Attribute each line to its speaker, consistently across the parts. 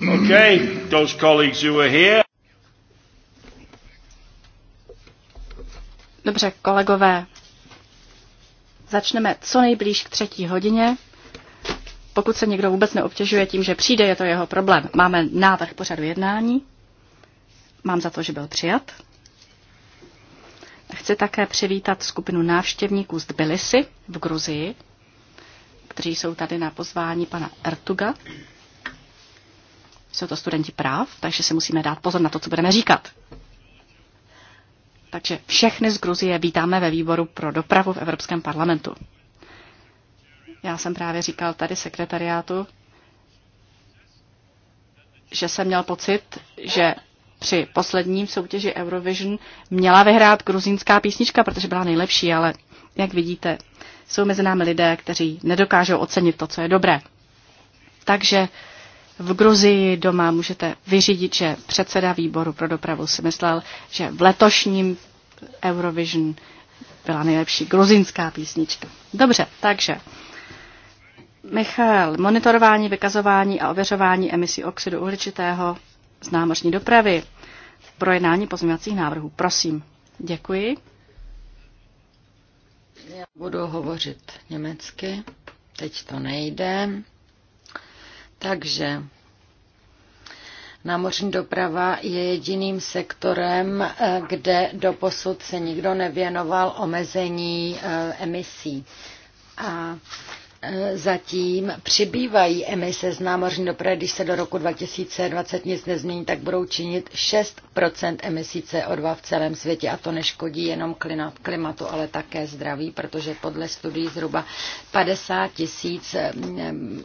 Speaker 1: Okay, those colleagues who are here. Dobře, kolegové, začneme co nejblíž k třetí hodině. Pokud se někdo vůbec neobtěžuje tím, že přijde, je to jeho problém. Máme návrh pořadu jednání. Mám za to, že byl přijat. Chci také přivítat skupinu návštěvníků z Tbilisi v Gruzii, kteří jsou tady na pozvání pana Ertuga, jsou to studenti práv, takže si musíme dát pozor na to, co budeme říkat. Takže všechny z Gruzie vítáme ve výboru pro dopravu v Evropském parlamentu. Já jsem právě říkal tady sekretariátu, že jsem měl pocit, že při posledním soutěži Eurovision měla vyhrát gruzínská písnička, protože byla nejlepší, ale jak vidíte, jsou mezi námi lidé, kteří nedokážou ocenit to, co je dobré. Takže v Gruzii doma můžete vyřídit, že předseda výboru pro dopravu si myslel, že v letošním Eurovision byla nejlepší gruzinská písnička. Dobře, takže Michal, monitorování, vykazování a ověřování emisí oxidu uhličitého z námořní dopravy. Projednání pozměňovacích návrhů. Prosím. Děkuji. Já budu hovořit německy. Teď to nejde.
Speaker 2: Takže námořní doprava je jediným sektorem, eh, kde doposud se nikdo nevěnoval omezení eh, emisí. A E, zatím přibývají emise z námořní dopravy, když se do roku 2020 nic nezmění, tak budou činit 6 emisí CO2 v celém světě a to neškodí jenom klimatu, ale také zdraví, protože podle studií zhruba 50 tisíc e,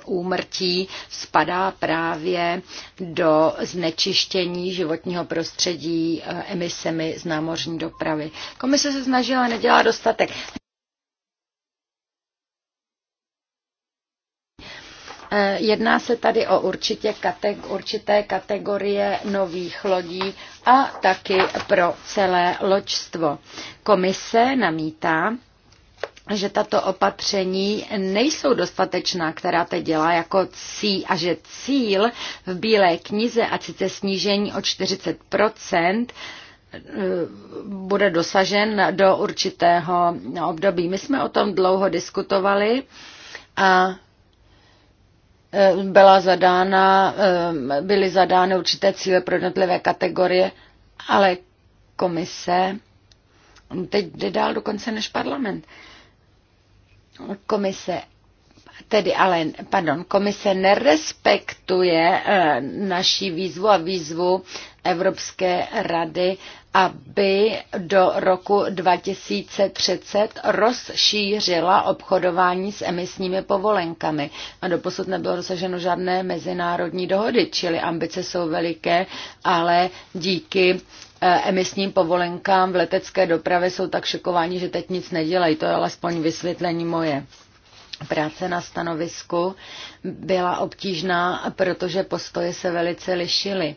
Speaker 2: úmrtí spadá právě do znečištění životního prostředí e, emisemi z námořní dopravy. Komise se snažila nedělá dostatek. Eh, jedná se tady o určitě kateg- určité kategorie nových lodí a taky pro celé loďstvo. Komise namítá, že tato opatření nejsou dostatečná, která teď dělá jako cíl a že cíl v Bílé knize a sice snížení o 40 eh, bude dosažen do určitého období. My jsme o tom dlouho diskutovali a Eh, byla zadána, eh, byly zadány určité cíle pro jednotlivé kategorie, ale komise teď jde dál dokonce než parlament. Komise tedy ale, pardon, komise nerespektuje eh, naší výzvu a výzvu Evropské rady aby do roku 2030 rozšířila obchodování s emisními povolenkami. A doposud nebylo dosaženo žádné mezinárodní dohody, čili ambice jsou veliké, ale díky e, emisním povolenkám v letecké dopravě jsou tak šokováni, že teď nic nedělají. To je alespoň vysvětlení moje. Práce na stanovisku byla obtížná, protože postoje se velice lišily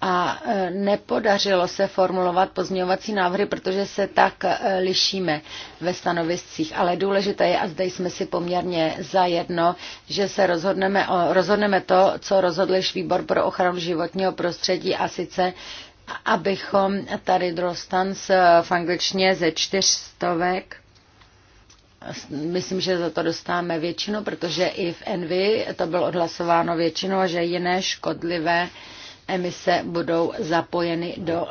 Speaker 2: a e, nepodařilo se formulovat pozměňovací návrhy, protože se tak e, lišíme ve stanoviscích. Ale důležité je, a zde jsme si poměrně zajedno, že se rozhodneme, o, rozhodneme to, co rozhodl výbor pro ochranu životního prostředí a sice abychom tady drostans e, v angličtině ze čtyřstovek, myslím, že za to dostáváme většinu, protože i v Envy to bylo odhlasováno většinou, že jiné škodlivé uh, emise budou zapojeny do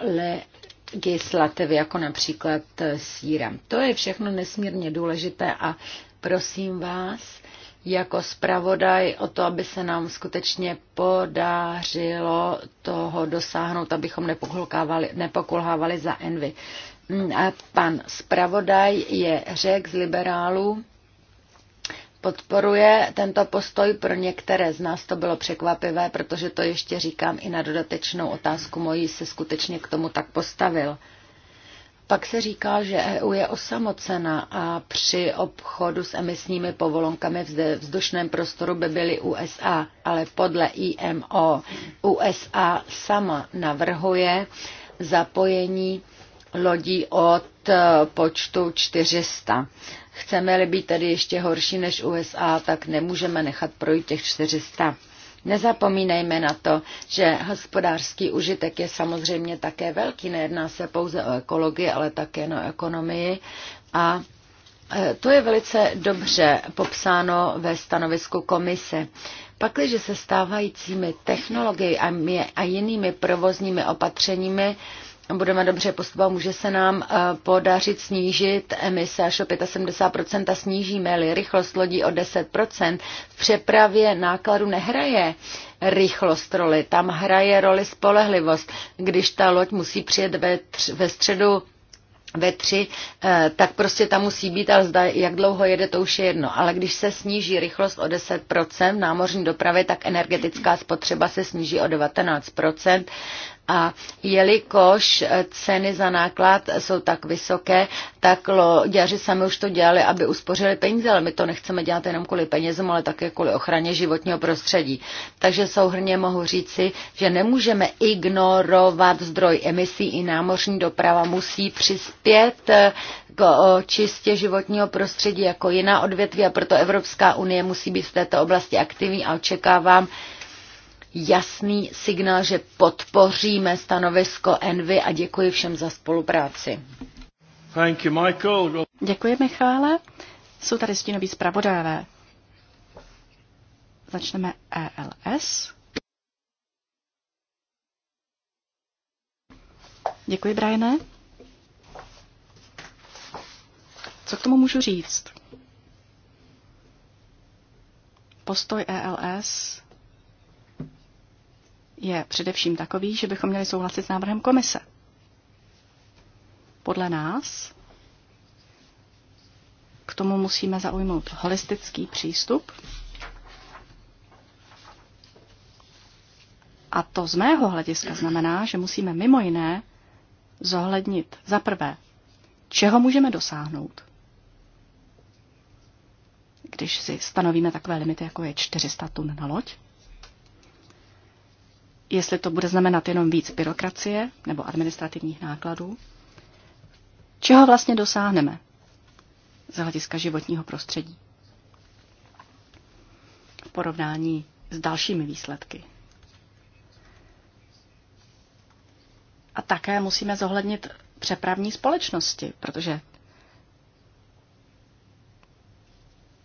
Speaker 2: legislativy, jako například síra. To je všechno nesmírně důležité a prosím vás jako zpravodaj o to, aby se nám skutečně podařilo toho dosáhnout, abychom nepokulhávali za envy. A pan zpravodaj je řek z liberálů podporuje tento postoj. Pro některé z nás to bylo překvapivé, protože to ještě říkám i na dodatečnou otázku mojí se skutečně k tomu tak postavil. Pak se říká, že EU je osamocena a při obchodu s emisními povolonkami v vzdušném prostoru by byly USA, ale podle IMO USA sama navrhuje zapojení lodí od eh, počtu 400. Chceme-li být tedy ještě horší než USA, tak nemůžeme nechat projít těch 400. Nezapomínejme na to, že hospodářský užitek je samozřejmě také velký. Nejedná se pouze o ekologii, ale také na ekonomii. A e, to je velice dobře popsáno ve stanovisku komise. Pakliže se stávajícími technologiemi a jinými provozními opatřeními budeme dobře postupovat, může se nám eh, podařit snížit emise až o 75% a snížíme-li rychlost lodí o 10%. V přepravě nákladu nehraje rychlost roli, tam hraje roli spolehlivost. Když ta loď musí přijet ve, tř, ve středu ve tři, eh, tak prostě tam musí být, ale zda, jak dlouho jede, to už je jedno. Ale když se sníží rychlost o 10% námořní dopravy, tak energetická spotřeba se sníží o 19% a jelikož ceny za náklad jsou tak vysoké, tak loďaři sami už to dělali, aby uspořili peníze, ale my to nechceme dělat jenom kvůli penězům, ale také kvůli ochraně životního prostředí. Takže souhrně mohu říci, že nemůžeme ignorovat zdroj emisí i námořní doprava musí přispět k čistě životního prostředí jako jiná odvětví a proto Evropská unie musí být v této oblasti aktivní a očekávám, jasný signál, že podpoříme stanovisko
Speaker 1: Envy a děkuji všem za spolupráci. Thank you, Michael. Děkuji, Michále. Jsou tady stínoví zpravodajové. Začneme ELS. Děkuji, Brianne. Co k tomu můžu říct? Postoj ELS je především takový, že bychom měli souhlasit s návrhem komise. Podle nás k tomu musíme zaujmout holistický přístup. A to z mého hlediska znamená, že musíme mimo jiné zohlednit za prvé, čeho můžeme dosáhnout, když si stanovíme takové limity, jako je 400 tun na loď, jestli to bude znamenat jenom víc byrokracie nebo administrativních nákladů, čeho vlastně dosáhneme z hlediska životního prostředí v porovnání s dalšími výsledky. A také musíme zohlednit přepravní společnosti, protože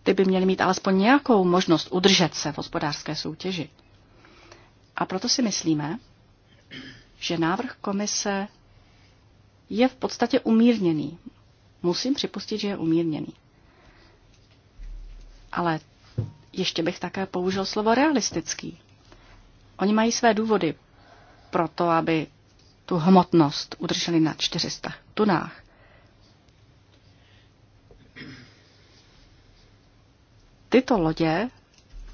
Speaker 1: ty by měly mít alespoň nějakou možnost udržet se v hospodářské soutěži. A proto si myslíme, že návrh komise je v podstatě umírněný. Musím připustit, že je umírněný. Ale ještě bych také použil slovo realistický. Oni mají své důvody pro to, aby tu hmotnost udrželi na 400 tunách. Tyto lodě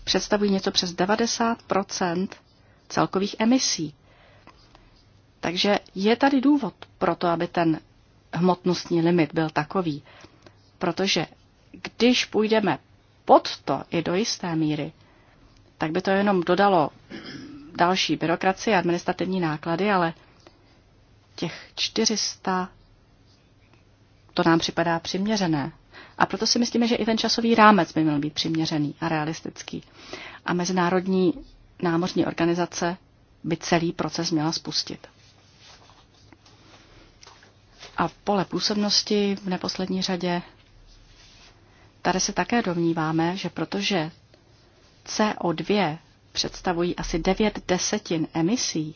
Speaker 1: představují něco přes 90 celkových emisí. Takže je tady důvod pro to, aby ten hmotnostní limit byl takový. Protože když půjdeme pod to i do jisté míry, tak by to jenom dodalo další byrokracie a administrativní náklady, ale těch 400 to nám připadá přiměřené. A proto si myslíme, že i ten časový rámec by měl být přiměřený a realistický. A mezinárodní námořní organizace by celý proces měla spustit. A v pole působnosti v neposlední řadě, tady se také domníváme, že protože CO2 představují asi 9 desetin emisí,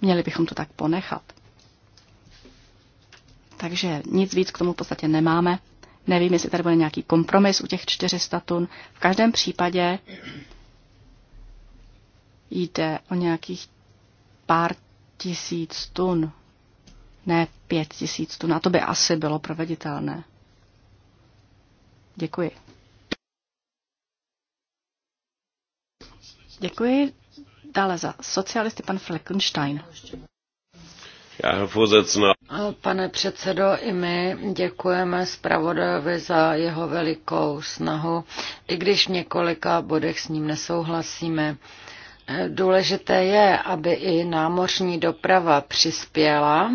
Speaker 1: měli bychom to tak ponechat. Takže nic víc k tomu v podstatě nemáme. Nevím, jestli tady bude nějaký kompromis u těch 400 tun. V každém případě jde o nějakých pár tisíc tun, ne pět tisíc tun. A to by asi bylo proveditelné. Děkuji. Děkuji. Dále za socialisty pan Fleckenstein. Pane předsedo,
Speaker 2: i my děkujeme zpravodajovi za jeho velikou snahu, i když v několika bodech s ním nesouhlasíme. Důležité je, aby i námořní doprava přispěla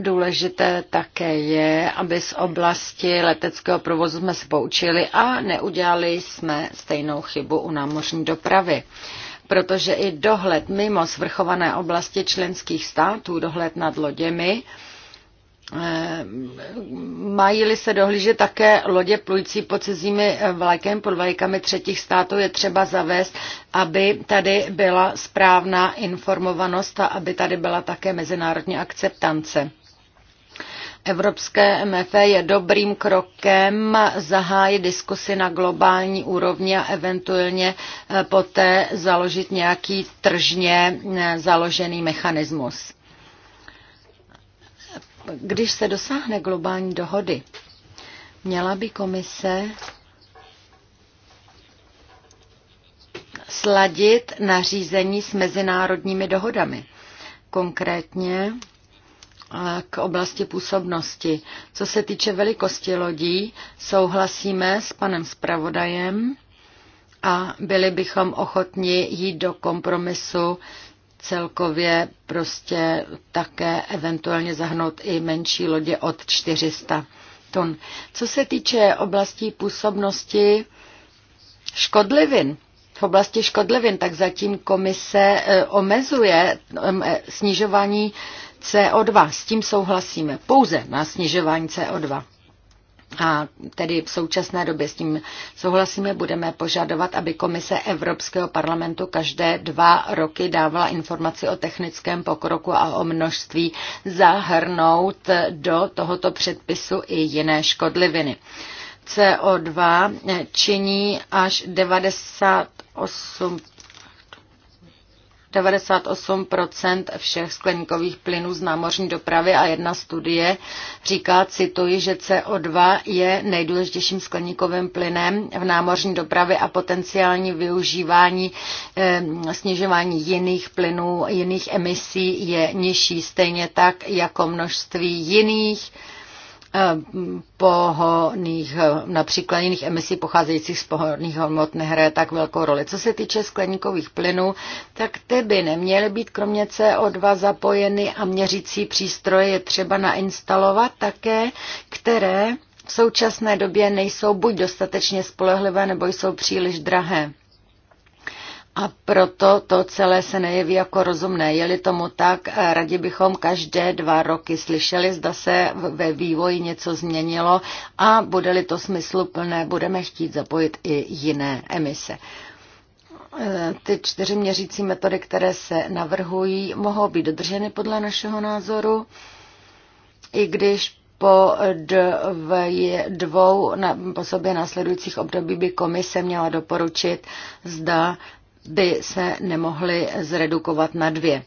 Speaker 2: Důležité také je, aby z oblasti leteckého provozu jsme se poučili a neudělali jsme stejnou chybu u námořní dopravy protože i dohled mimo svrchované oblasti členských států, dohled nad loděmi, eh, mají-li se dohlížet také lodě plující pod cizími eh, vlajkem, pod vlajkami třetích států, je třeba zavést, aby tady byla správná informovanost a aby tady byla také mezinárodní akceptance. Evropské MF je dobrým krokem zahájit diskusy na globální úrovni a eventuálně eh, poté založit nějaký tržně eh, založený mechanismus. Když se dosáhne globální dohody, měla by komise sladit nařízení s mezinárodními dohodami. Konkrétně k oblasti působnosti. Co se týče velikosti lodí, souhlasíme s panem zpravodajem a byli bychom ochotni jít do kompromisu celkově prostě také eventuálně zahnout i menší lodě od 400 tun. Co se týče oblasti působnosti škodlivin, v oblasti škodlivin, tak zatím komise eh, omezuje eh, snižování CO2. S tím souhlasíme. Pouze na snižování CO2. A tedy v současné době s tím souhlasíme, budeme požadovat, aby Komise Evropského parlamentu každé dva roky dávala informaci o technickém pokroku a o množství zahrnout do tohoto předpisu i jiné škodliviny. CO2 činí až 98 98 všech skleníkových plynů z námořní dopravy a jedna studie říká, cituji, že CO2 je nejdůležitějším skleníkovým plynem v námořní dopravě a potenciální využívání eh, snižování jiných plynů, jiných emisí je nižší, stejně tak jako množství jiných pohoných, například jiných emisí pocházejících z pohoných hmot nehraje tak velkou roli. Co se týče skleníkových plynů, tak ty by neměly být kromě CO2 zapojeny a měřící přístroje je třeba nainstalovat také, které v současné době nejsou buď dostatečně spolehlivé, nebo jsou příliš drahé. A proto to celé se nejeví jako rozumné. Je-li tomu tak, eh, radě bychom každé dva roky slyšeli, zda se ve vývoji něco změnilo a bude-li to smysluplné, budeme chtít zapojit i jiné emise. Eh, ty čtyři měřící metody, které se navrhují, mohou být dodrženy podle našeho názoru, i když po dvou po sobě následujících období by komise měla doporučit, zda by se nemohly zredukovat na dvě.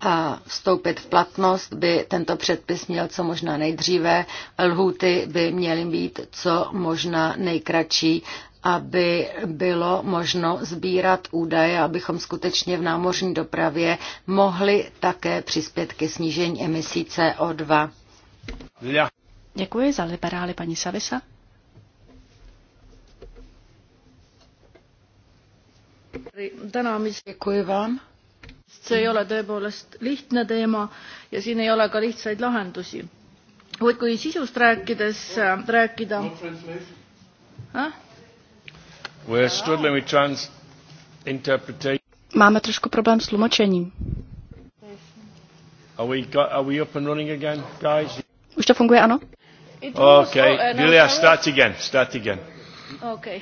Speaker 2: A vstoupit v platnost by tento předpis měl co možná nejdříve, lhůty by měly být co možná nejkratší, aby bylo možno sbírat údaje, abychom skutečně v námořní dopravě mohli také přispět ke snížení emisí CO2.
Speaker 1: Děkuji za liberály paní Savisa. See ei ole tõepoolest lihtne teema ja siin ei ole ka lihtsaid lahendusi. Kuid kui sisust rääkides äh, rääkida... No Máme trošku problém s tlumočením. Už to funguje, ano? Okay, Julia, start again, start again. Okay.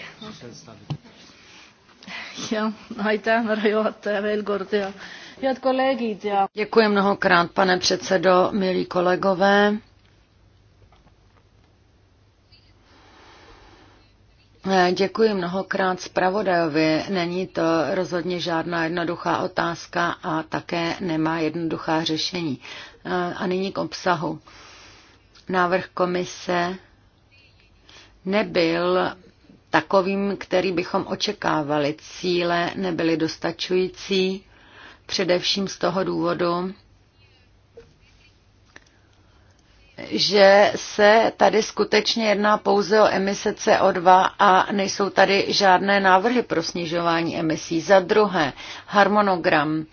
Speaker 2: Děkuji mnohokrát, pane předsedo, milí kolegové. Eh, děkuji mnohokrát zpravodajovi. Není to rozhodně žádná jednoduchá otázka a také nemá jednoduchá řešení. Eh, a nyní k obsahu. Návrh komise nebyl takovým, který bychom očekávali. Cíle nebyly dostačující, především z toho důvodu, že se tady skutečně jedná pouze o emise CO2 a nejsou tady žádné návrhy pro snižování emisí. Za druhé, harmonogram.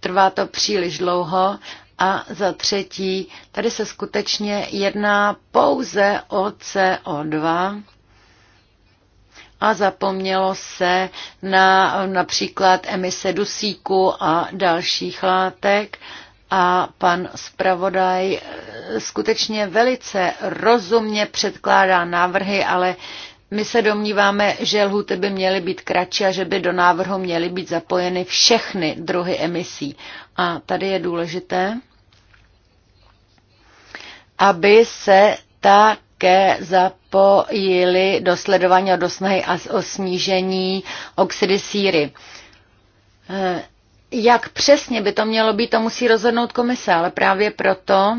Speaker 2: Trvá to příliš dlouho a za třetí, tady se skutečně jedná pouze o CO2 a zapomnělo se na například emise dusíku a dalších látek a pan zpravodaj eh, skutečně velice rozumně předkládá návrhy, ale my se domníváme, že lhuty by měly být kratší a že by do návrhu měly být zapojeny všechny druhy emisí. A tady je důležité, aby se také zapojily zapojili do sledování a do snahy o snížení oxidy síry. Eh, jak přesně by to mělo být, to musí rozhodnout komise, ale právě proto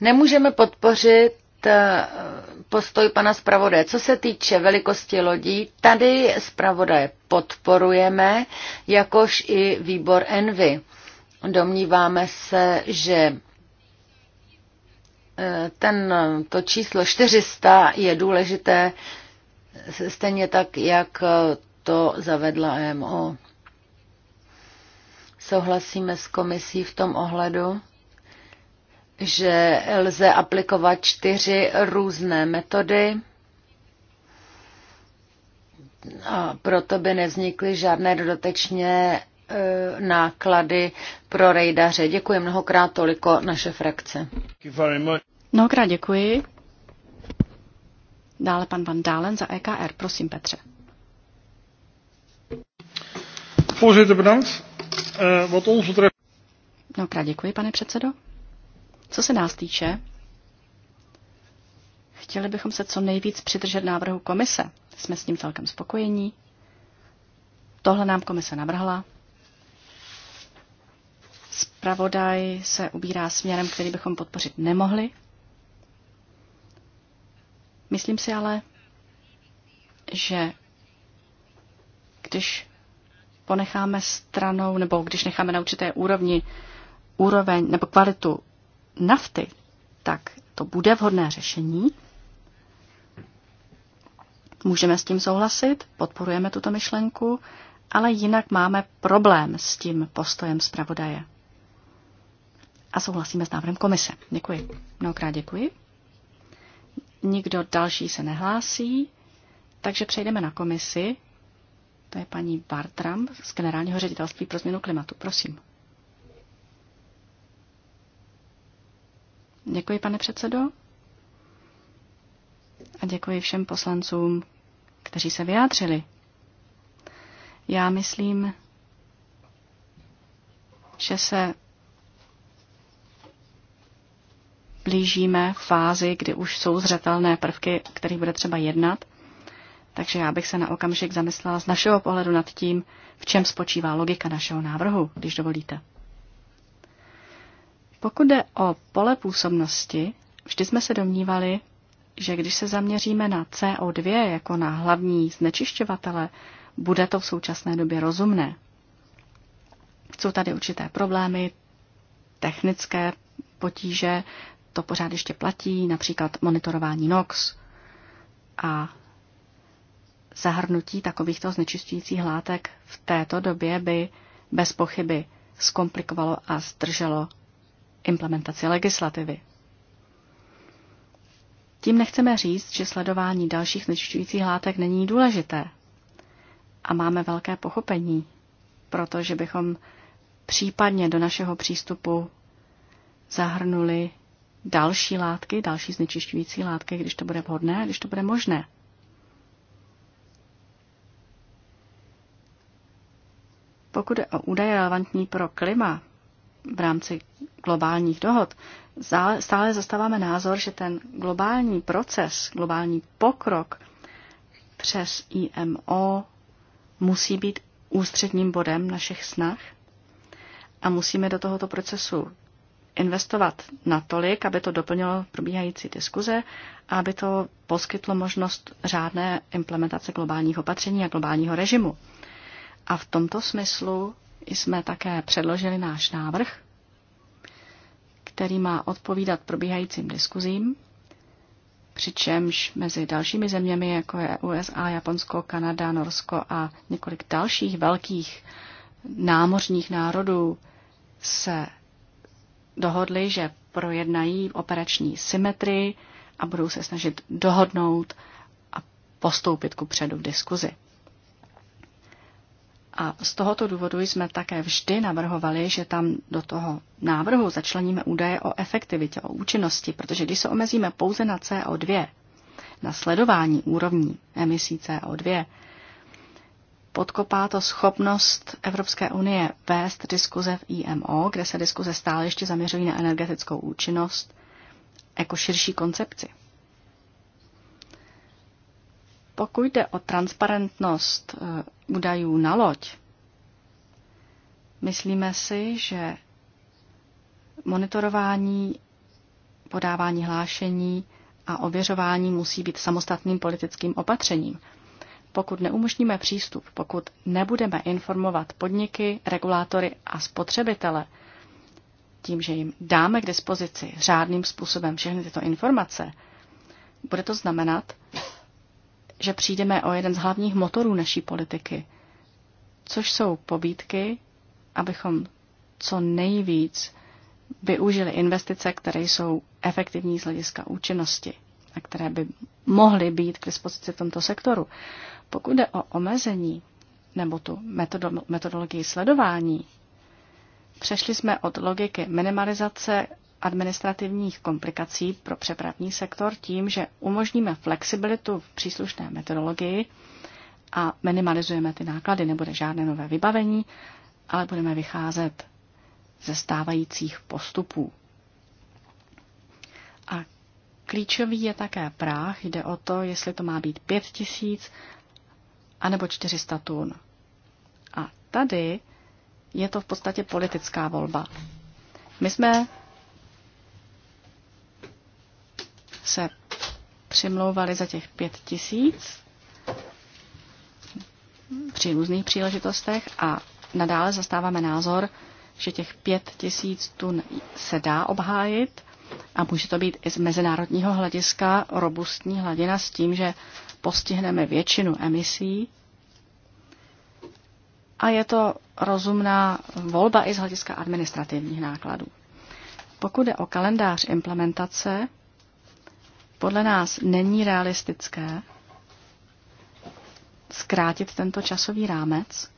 Speaker 2: nemůžeme podpořit eh, postoj pana zpravodaje. Co se týče velikosti lodí, tady zpravodaje podporujeme, jakož i výbor Envy. Domníváme se, že ten, to číslo 400 je důležité stejně tak, jak to zavedla EMO. Souhlasíme s komisí v tom ohledu, že lze aplikovat čtyři různé metody a proto by nevznikly žádné dodatečně Eh, náklady pro rejdaře.
Speaker 1: Děkuji mnohokrát toliko naše frakce. Mnohokrát děkuji. Dále pan Van Dálen za EKR. Prosím, Petře.
Speaker 3: Eh,
Speaker 1: mnohokrát děkuji, pane předsedo. Co se nás týče, chtěli bychom se co nejvíc přidržet návrhu komise. Jsme s ním celkem spokojení. Tohle nám komise navrhla. Spravodaj se ubírá směrem, který bychom podpořit nemohli. Myslím si ale, že když ponecháme stranou, nebo když necháme na určité úrovni úroveň nebo kvalitu nafty, tak to bude vhodné řešení. Můžeme s tím souhlasit, podporujeme tuto myšlenku, ale jinak máme problém s tím postojem zpravodaje a souhlasíme s návrhem komise. Děkuji. Mnohokrát děkuji. Nikdo další se nehlásí, takže přejdeme na komisi. To je paní Bartram z Generálního ředitelství pro změnu klimatu. Prosím. Děkuji, pane předsedo. A děkuji všem poslancům, kteří se vyjádřili. Já myslím, že se blížíme fázi, kdy už jsou zřetelné prvky, kterých bude třeba jednat. Takže já bych se na okamžik zamyslela z našeho pohledu nad tím, v čem spočívá logika našeho návrhu, když dovolíte. Pokud jde o pole působnosti, vždy jsme se domnívali, že když se zaměříme na CO2 jako na hlavní znečišťovatele, bude to v současné době rozumné. Jsou tady určité problémy, technické potíže, to pořád ještě platí, například monitorování NOx a zahrnutí takovýchto znečistujících látek v této době by bez pochyby zkomplikovalo a zdrželo implementaci legislativy. Tím nechceme říct, že sledování dalších znečišťujících látek není důležité. A máme velké pochopení, protože bychom případně do našeho přístupu zahrnuli další látky, další znečišťující látky, když to bude vhodné a když to bude možné. Pokud je o údaje relevantní pro klima v rámci globálních dohod, stále zastáváme názor, že ten globální proces, globální pokrok přes IMO musí být ústředním bodem našich snah a musíme do tohoto procesu investovat natolik, aby to doplnilo probíhající diskuze a aby to poskytlo možnost řádné implementace globálních opatření a globálního režimu. A v tomto smyslu jsme také předložili náš návrh, který má odpovídat probíhajícím diskuzím, přičemž mezi dalšími zeměmi, jako je USA, Japonsko, Kanada, Norsko a několik dalších velkých námořních národů, se dohodli, že projednají operační symetrii a budou se snažit dohodnout a postoupit ku předu v diskuzi. A z tohoto důvodu jsme také vždy navrhovali, že tam do toho návrhu začleníme údaje o efektivitě, o účinnosti, protože když se omezíme pouze na CO2, na sledování úrovní emisí CO2, podkopá to schopnost Evropské unie vést diskuze v IMO, kde se diskuze stále ještě zaměřují na energetickou účinnost jako širší koncepci. Pokud jde o transparentnost eh, údajů na loď, myslíme si, že monitorování, podávání hlášení a ověřování musí být samostatným politickým opatřením – pokud neumožníme přístup, pokud nebudeme informovat podniky, regulátory a spotřebitele, tím, že jim dáme k dispozici řádným způsobem všechny tyto informace, bude to znamenat, že přijdeme o jeden z hlavních motorů naší politiky, což jsou pobídky, abychom co nejvíc využili investice, které jsou efektivní z hlediska účinnosti a které by mohly být k dispozici v tomto sektoru. Pokud jde o omezení nebo tu metodologii sledování, přešli jsme od logiky minimalizace administrativních komplikací pro přepravní sektor tím, že umožníme flexibilitu v příslušné metodologii a minimalizujeme ty náklady. Nebude žádné nové vybavení, ale budeme vycházet ze stávajících postupů. A klíčový je také práh. Jde o to, jestli to má být 5 tisíc anebo 400 tun. A tady je to v podstatě politická volba. My jsme se přimlouvali za těch pět tisíc při různých příležitostech a nadále zastáváme názor, že těch pět tisíc tun se dá obhájit a může to být i z mezinárodního hlediska robustní hladina s tím, že postihneme většinu emisí. A je to rozumná volba i z hlediska administrativních nákladů. Pokud je o kalendář implementace, podle nás není realistické zkrátit tento časový rámec.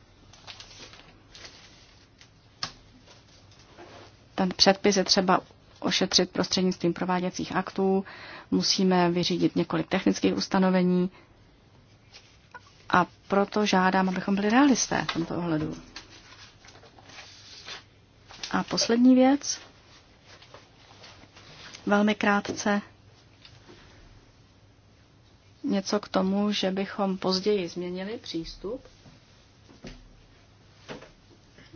Speaker 1: Ten předpis je třeba ošetřit prostřednictvím prováděcích aktů, musíme vyřídit několik technických ustanovení a proto žádám, abychom byli realisté v tomto ohledu. A poslední věc, velmi krátce, něco k tomu, že bychom později změnili přístup,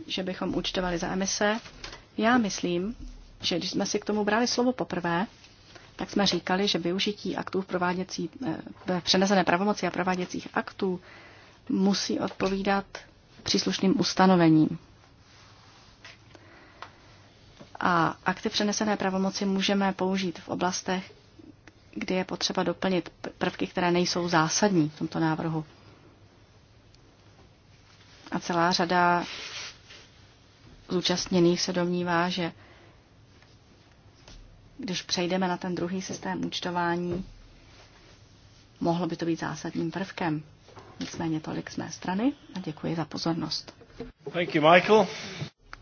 Speaker 1: že bychom účtovali za emise. Já myslím, že když jsme si k tomu brali slovo poprvé, tak jsme říkali, že využití aktů v prováděcí, eh, v přenesené pravomoci a prováděcích aktů musí odpovídat příslušným ustanovením. A akty přenesené pravomoci můžeme použít v oblastech, kdy je potřeba doplnit prvky, které nejsou zásadní v tomto návrhu. A celá řada zúčastněných se domnívá, že když přejdeme na ten druhý systém účtování, mohlo by to být zásadním prvkem. Nicméně tolik z mé strany a děkuji za pozornost. Thank you, Michael.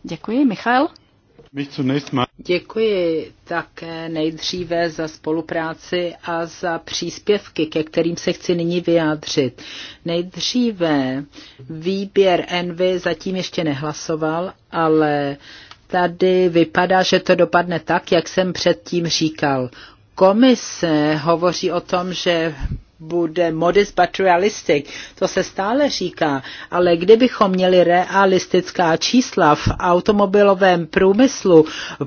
Speaker 1: Děkuji, Michal.
Speaker 3: Děkuji také nejdříve za spolupráci a za příspěvky, ke kterým se chci nyní vyjádřit. Nejdříve výběr Envy zatím ještě nehlasoval, ale uh, tady vypadá, že to dopadne tak, jak jsem předtím říkal. Komise hovoří o tom, že bude modest but realistic. To se stále říká, ale kdybychom měli realistická čísla v automobilovém průmyslu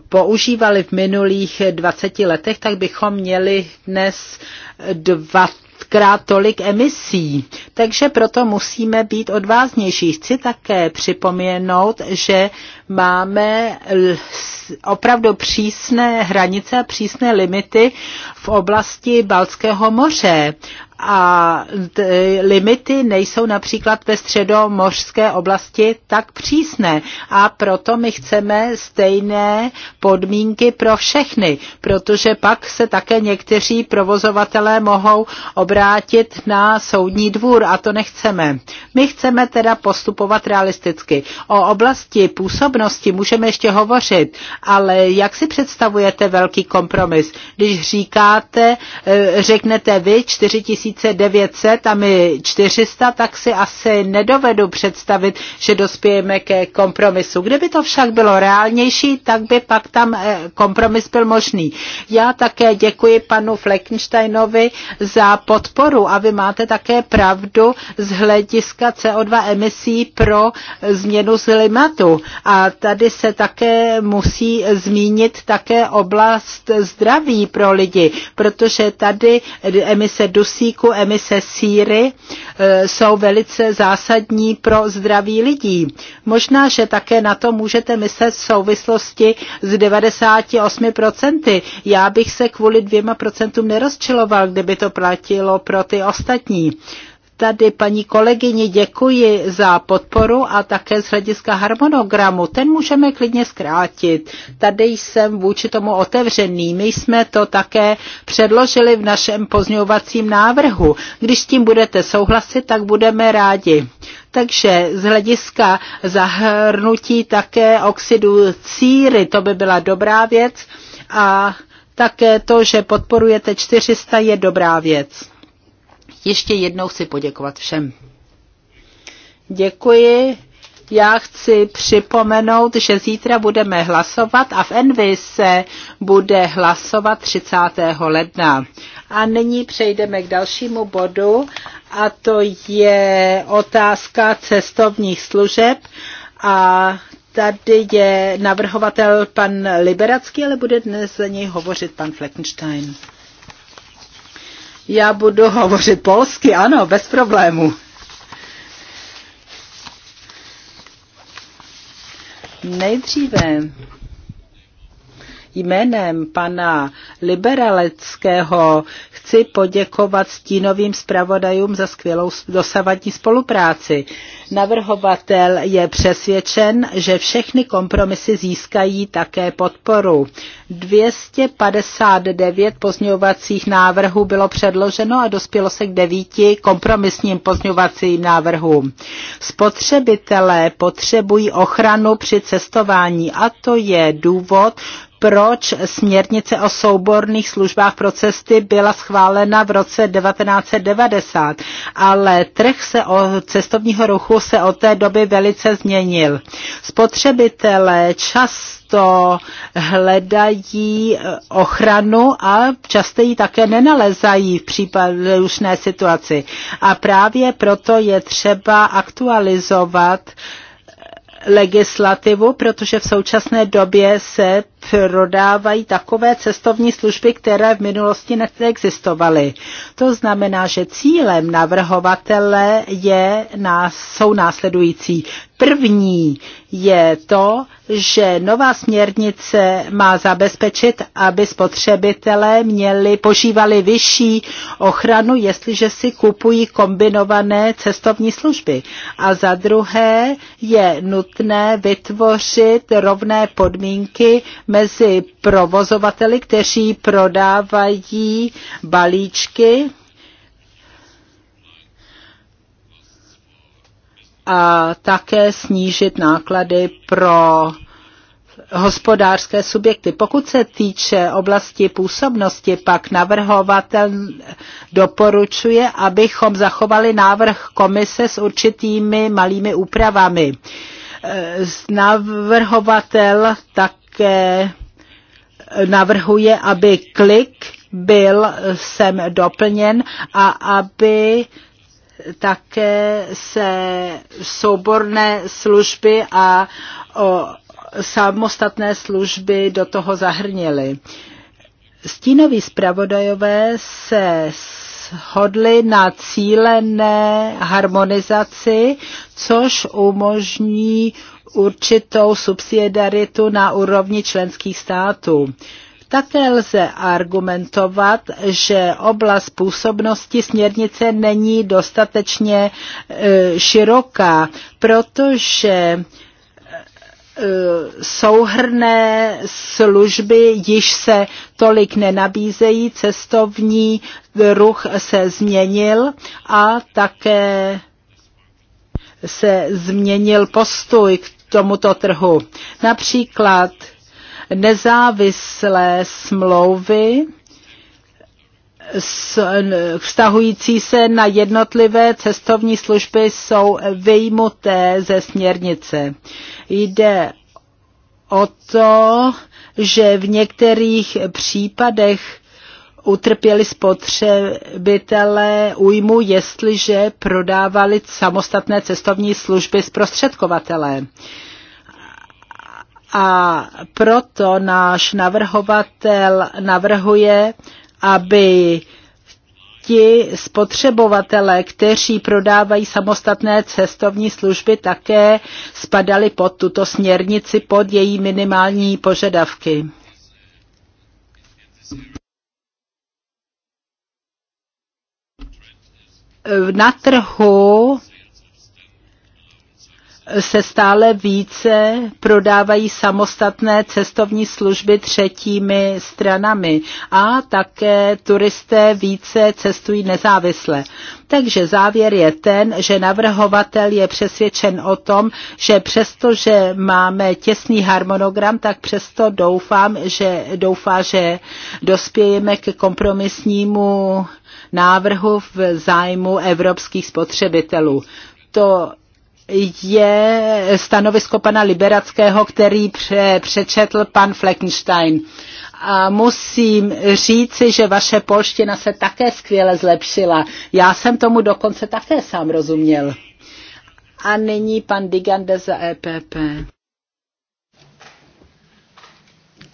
Speaker 3: používali v minulých 20 letech, tak bychom měli dnes 20 pětkrát tolik emisí. Takže proto musíme být odváznější. Chci také připomenout, že máme opravdu přísné hranice a přísné limity v oblasti Balckého moře a limity nejsou například ve středomořské oblasti tak přísné a proto my chceme stejné podmínky pro všechny, protože pak se také někteří provozovatelé mohou obrátit na soudní dvůr a to nechceme. My chceme teda postupovat realisticky. O oblasti působnosti můžeme ještě hovořit, ale jak si představujete velký kompromis, když říkáte, e, řeknete vy 4000 2900 a my 400, tak si asi nedovedu představit, že dospějeme ke kompromisu. Kdyby to však bylo reálnější, tak by pak tam eh, kompromis byl možný. Já také děkuji panu Fleckensteinovi za podporu a vy máte také pravdu z hlediska CO2 emisí pro změnu klimatu. A tady se také musí zmínit také oblast zdraví pro lidi, protože tady emise dusí uhlíku, emise síry e, jsou velice zásadní pro zdraví lidí. Možná, že také na to můžete myslet v souvislosti s 98%. Já bych se kvůli dvěma procentům nerozčiloval, kdyby to platilo pro ty ostatní tady paní kolegyni děkuji za podporu a také z hlediska harmonogramu. Ten můžeme klidně zkrátit. Tady jsem vůči tomu otevřený. My jsme to také předložili v našem pozňovacím návrhu. Když s tím budete souhlasit, tak budeme rádi. Takže z hlediska zahrnutí také oxidu círy, to by byla dobrá věc. A také to, že podporujete 400, je dobrá věc ještě jednou chci poděkovat všem. Děkuji. Já chci připomenout, že zítra budeme hlasovat a v Envy se bude hlasovat 30. ledna. A nyní přejdeme k dalšímu bodu a to je otázka cestovních služeb a tady je navrhovatel pan Liberacký, ale bude dnes za něj hovořit pan Fleckenstein. Já budu hovořit polsky, ano, bez problému. Nejdříve Jménem pana Liberaleckého chci poděkovat stínovým zpravodajům za skvělou dosavadní spolupráci. Navrhovatel je přesvědčen, že všechny kompromisy získají také podporu. 259 pozňovacích návrhů bylo předloženo a dospělo se k devíti kompromisním pozňovacím návrhům. Spotřebitelé potřebují ochranu při cestování a to je důvod, proč směrnice o souborných službách pro cesty byla schválena v roce 1990, ale trh se o cestovního ruchu se od té doby velice změnil. Spotřebitelé často hledají eh, ochranu a často ji také nenalezají v případě případné situaci. A právě proto je třeba aktualizovat eh, legislativu, protože v současné době se prodávají takové cestovní služby, které v minulosti neexistovaly. To znamená, že cílem navrhovatele je, jsou následující. První je to, že nová směrnice má zabezpečit, aby spotřebitelé měli, požívali vyšší ochranu, jestliže si kupují kombinované cestovní služby. A za druhé je nutné vytvořit rovné podmínky mezi provozovateli, kteří prodávají balíčky a také snížit náklady pro hospodářské subjekty. Pokud se týče oblasti působnosti, pak navrhovatel doporučuje, abychom zachovali návrh komise s určitými malými úpravami. E, navrhovatel tak také navrhuje, aby klik byl sem doplněn a aby také se souborné služby a o, samostatné služby do toho zahrnily. Stínoví zpravodajové se shodli na cílené harmonizaci, což umožní určitou subsidiaritu na úrovni členských států. Také lze argumentovat, že oblast působnosti směrnice není dostatečně e, široká, protože e, souhrné služby již se tolik nenabízejí, cestovní ruch se změnil a také se změnil postoj k tomuto trhu. Například nezávislé smlouvy, vztahující se na jednotlivé cestovní služby jsou vyjmuté ze směrnice. Jde o to, že v některých případech utrpěli spotřebitelé újmu, jestliže prodávali samostatné cestovní služby zprostředkovatelé. A proto náš navrhovatel navrhuje, aby ti spotřebovatelé, kteří prodávají samostatné cestovní služby, také spadali pod tuto směrnici, pod její minimální požadavky. na trhu se stále více prodávají samostatné cestovní služby třetími stranami a také turisté více cestují nezávisle. Takže závěr je ten, že navrhovatel je přesvědčen o tom, že přestože máme těsný harmonogram, tak přesto doufám, že doufá, že dospějeme k kompromisnímu návrhu v zájmu evropských spotřebitelů. To je stanovisko pana Liberackého, který pře- přečetl pan Fleckenstein. A musím říci, že vaše polština se také skvěle zlepšila. Já jsem tomu dokonce také sám rozuměl. A nyní pan Digande za EPP.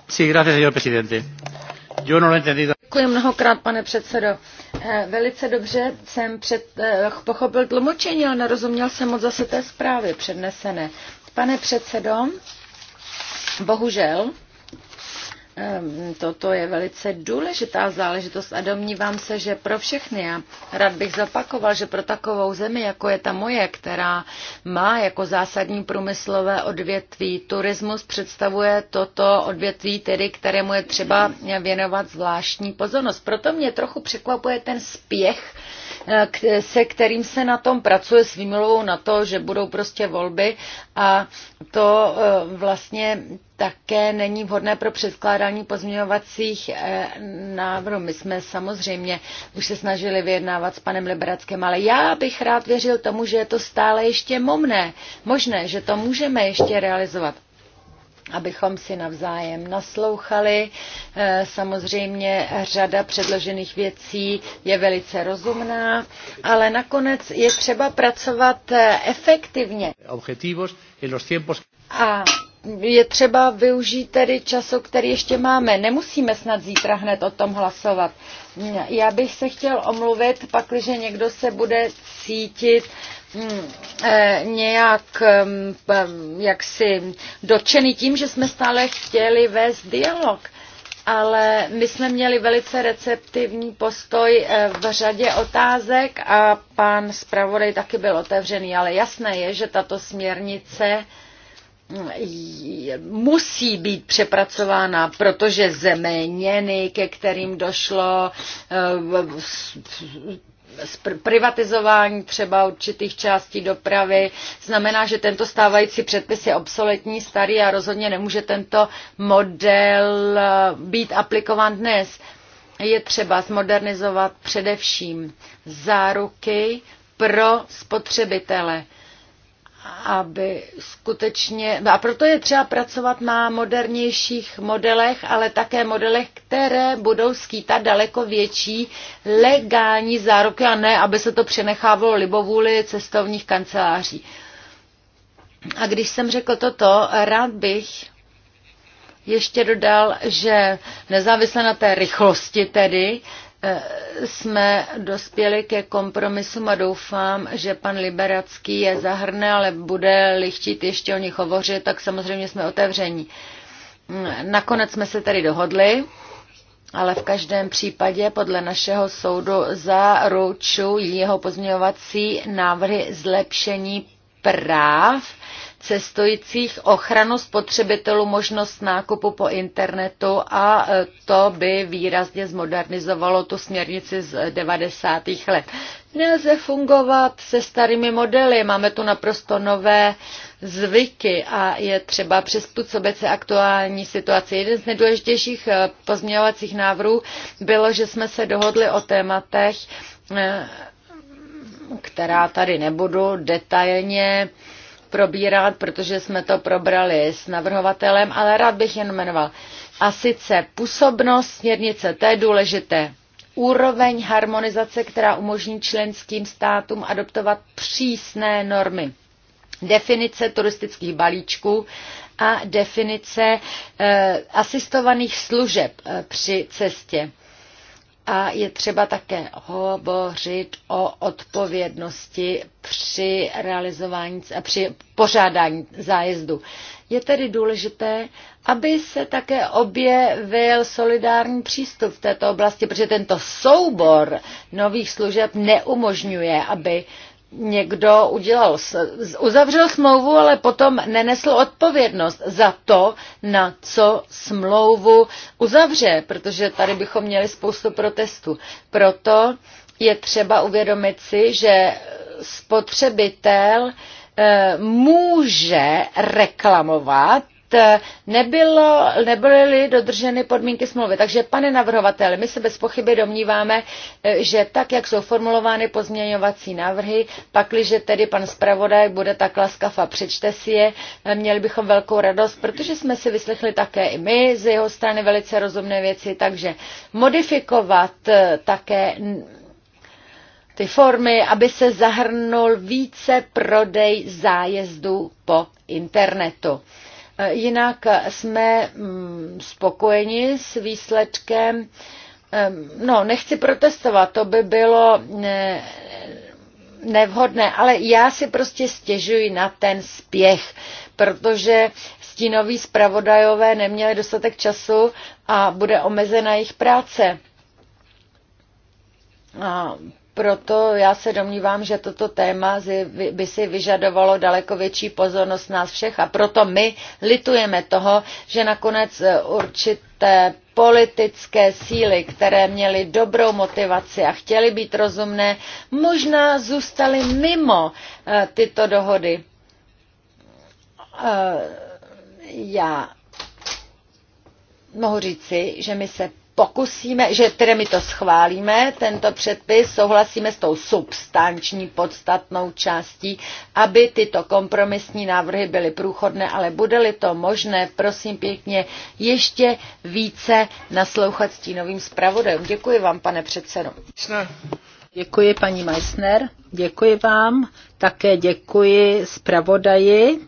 Speaker 1: Sí, gracias, señor presidente. Yo no lo he entendido.
Speaker 3: Děkuji mnohokrát, pane předsedo.
Speaker 2: Eh, velice dobře jsem před, eh, pochopil tlumočení, ale nerozuměl jsem moc zase té zprávy přednesené. Pane předsedo, bohužel, Toto je velice důležitá záležitost a domnívám se, že pro všechny. Já rád bych zapakoval, že pro takovou zemi, jako je ta moje, která má jako zásadní průmyslové odvětví turismus, představuje toto odvětví, tedy kterému je třeba věnovat zvláštní pozornost. Proto mě trochu překvapuje ten spěch, eh, se kterým se na tom pracuje s výmluvou na to, že budou prostě volby a to eh, vlastně také není vhodné pro předkládání pozměňovacích eh, návrhů. My jsme samozřejmě už se snažili vyjednávat s panem Liberackem, ale já bych rád věřil tomu, že je to stále ještě momné, možné, že to můžeme ještě realizovat abychom si navzájem naslouchali. Eh, samozřejmě řada předložených věcí je velice rozumná, ale nakonec je třeba pracovat eh, efektivně. A je třeba využít tedy času, který ještě máme. Nemusíme snad zítra hned o tom hlasovat. Já bych se chtěl omluvit, pakliže někdo se bude cítit Eh, nějak jaksi dotčeny tím, že jsme stále chtěli vést dialog ale my jsme měli velice receptivní postoj eh, v řadě otázek a pan zpravodaj taky byl otevřený, ale jasné je, že tato směrnice mm, musí být přepracována, protože zeměněny, ke kterým došlo, eh, privatizování třeba určitých částí dopravy. Znamená, že tento stávající předpis je obsoletní, starý a rozhodně nemůže tento model eh, být aplikován dnes. Je třeba zmodernizovat především záruky pro spotřebitele aby skutečně, a proto je třeba pracovat na modernějších modelech, ale také modelech, které budou skýtat daleko větší legální záruky a ne, aby se to přenechávalo libovůli cestovních kanceláří. A když jsem řekl toto, rád bych ještě dodal, že nezávisle na té rychlosti tedy, Eh, jsme dospěli ke kompromisům a doufám, že pan Liberacký je zahrne, ale bude lichtit ještě o nich hovořit, tak samozřejmě jsme otevření. Mm, nakonec jsme se tady dohodli, ale v každém případě podle našeho soudu zaručují jeho pozměňovací návrhy zlepšení práv cestujících, ochranu spotřebitelů, možnost nákupu po internetu a e, to by výrazně zmodernizovalo tu směrnici z 90. let. Nelze fungovat se starými modely, máme tu naprosto nové zvyky a je třeba přizpůsobit se aktuální situaci. Jeden z nejdůležitějších e, pozměňovacích návrhů bylo, že jsme se dohodli o tématech, e, která tady nebudu detailně probírat, protože jsme to probrali s navrhovatelem, ale rád bych jen jmenoval. A sice působnost směrnice, to je důležité. Úroveň harmonizace, která umožní členským státům adoptovat přísné normy. Definice turistických balíčků a definice eh, asistovaných služeb eh, při cestě. A je třeba také hovořit o odpovědnosti při realizování a při pořádání zájezdu. Je tedy důležité, aby se také objevil solidární přístup v této oblasti, protože tento soubor nových služeb neumožňuje, aby někdo udělal, uzavřel smlouvu, ale potom nenesl odpovědnost za to, na co smlouvu uzavře, protože tady bychom měli spoustu protestů. Proto je třeba uvědomit si, že spotřebitel eh, může reklamovat Eh, nebylo, nebyly dodrženy podmínky smlouvy. Takže, pane navrhovateli, my se bez pochyby domníváme, eh, že tak, jak jsou formulovány pozměňovací návrhy, pakliže tedy pan zpravodaj bude tak laskav a přečte si je, eh, měli bychom velkou radost, protože jsme si vyslechli také i my z jeho strany velice rozumné věci, takže modifikovat také ty formy, aby se zahrnul více prodej zájezdů po internetu. Eh, jinak jsme mm, spokojeni s výsledkem. No, nechci protestovat, to by bylo nevhodné, ale já si prostě stěžuji na ten spěch, protože stínoví zpravodajové neměli dostatek času a bude omezena jejich práce. A proto já se domnívám, že toto téma by si vyžadovalo daleko větší pozornost nás všech a proto my litujeme toho, že nakonec e, určité politické síly, které měly dobrou motivaci a chtěly být rozumné, možná zůstaly mimo e, tyto dohody. E, já mohu říci, že my se pokusíme, že tedy my to schválíme, tento předpis, souhlasíme s tou substanční podstatnou částí, aby tyto kompromisní návrhy byly průchodné, ale bude-li to možné, prosím pěkně, ještě více naslouchat stínovým zpravodajům. Děkuji vám, pane předsedo.
Speaker 3: Děkuji, paní Meissner. Děkuji vám. Také děkuji zpravodaji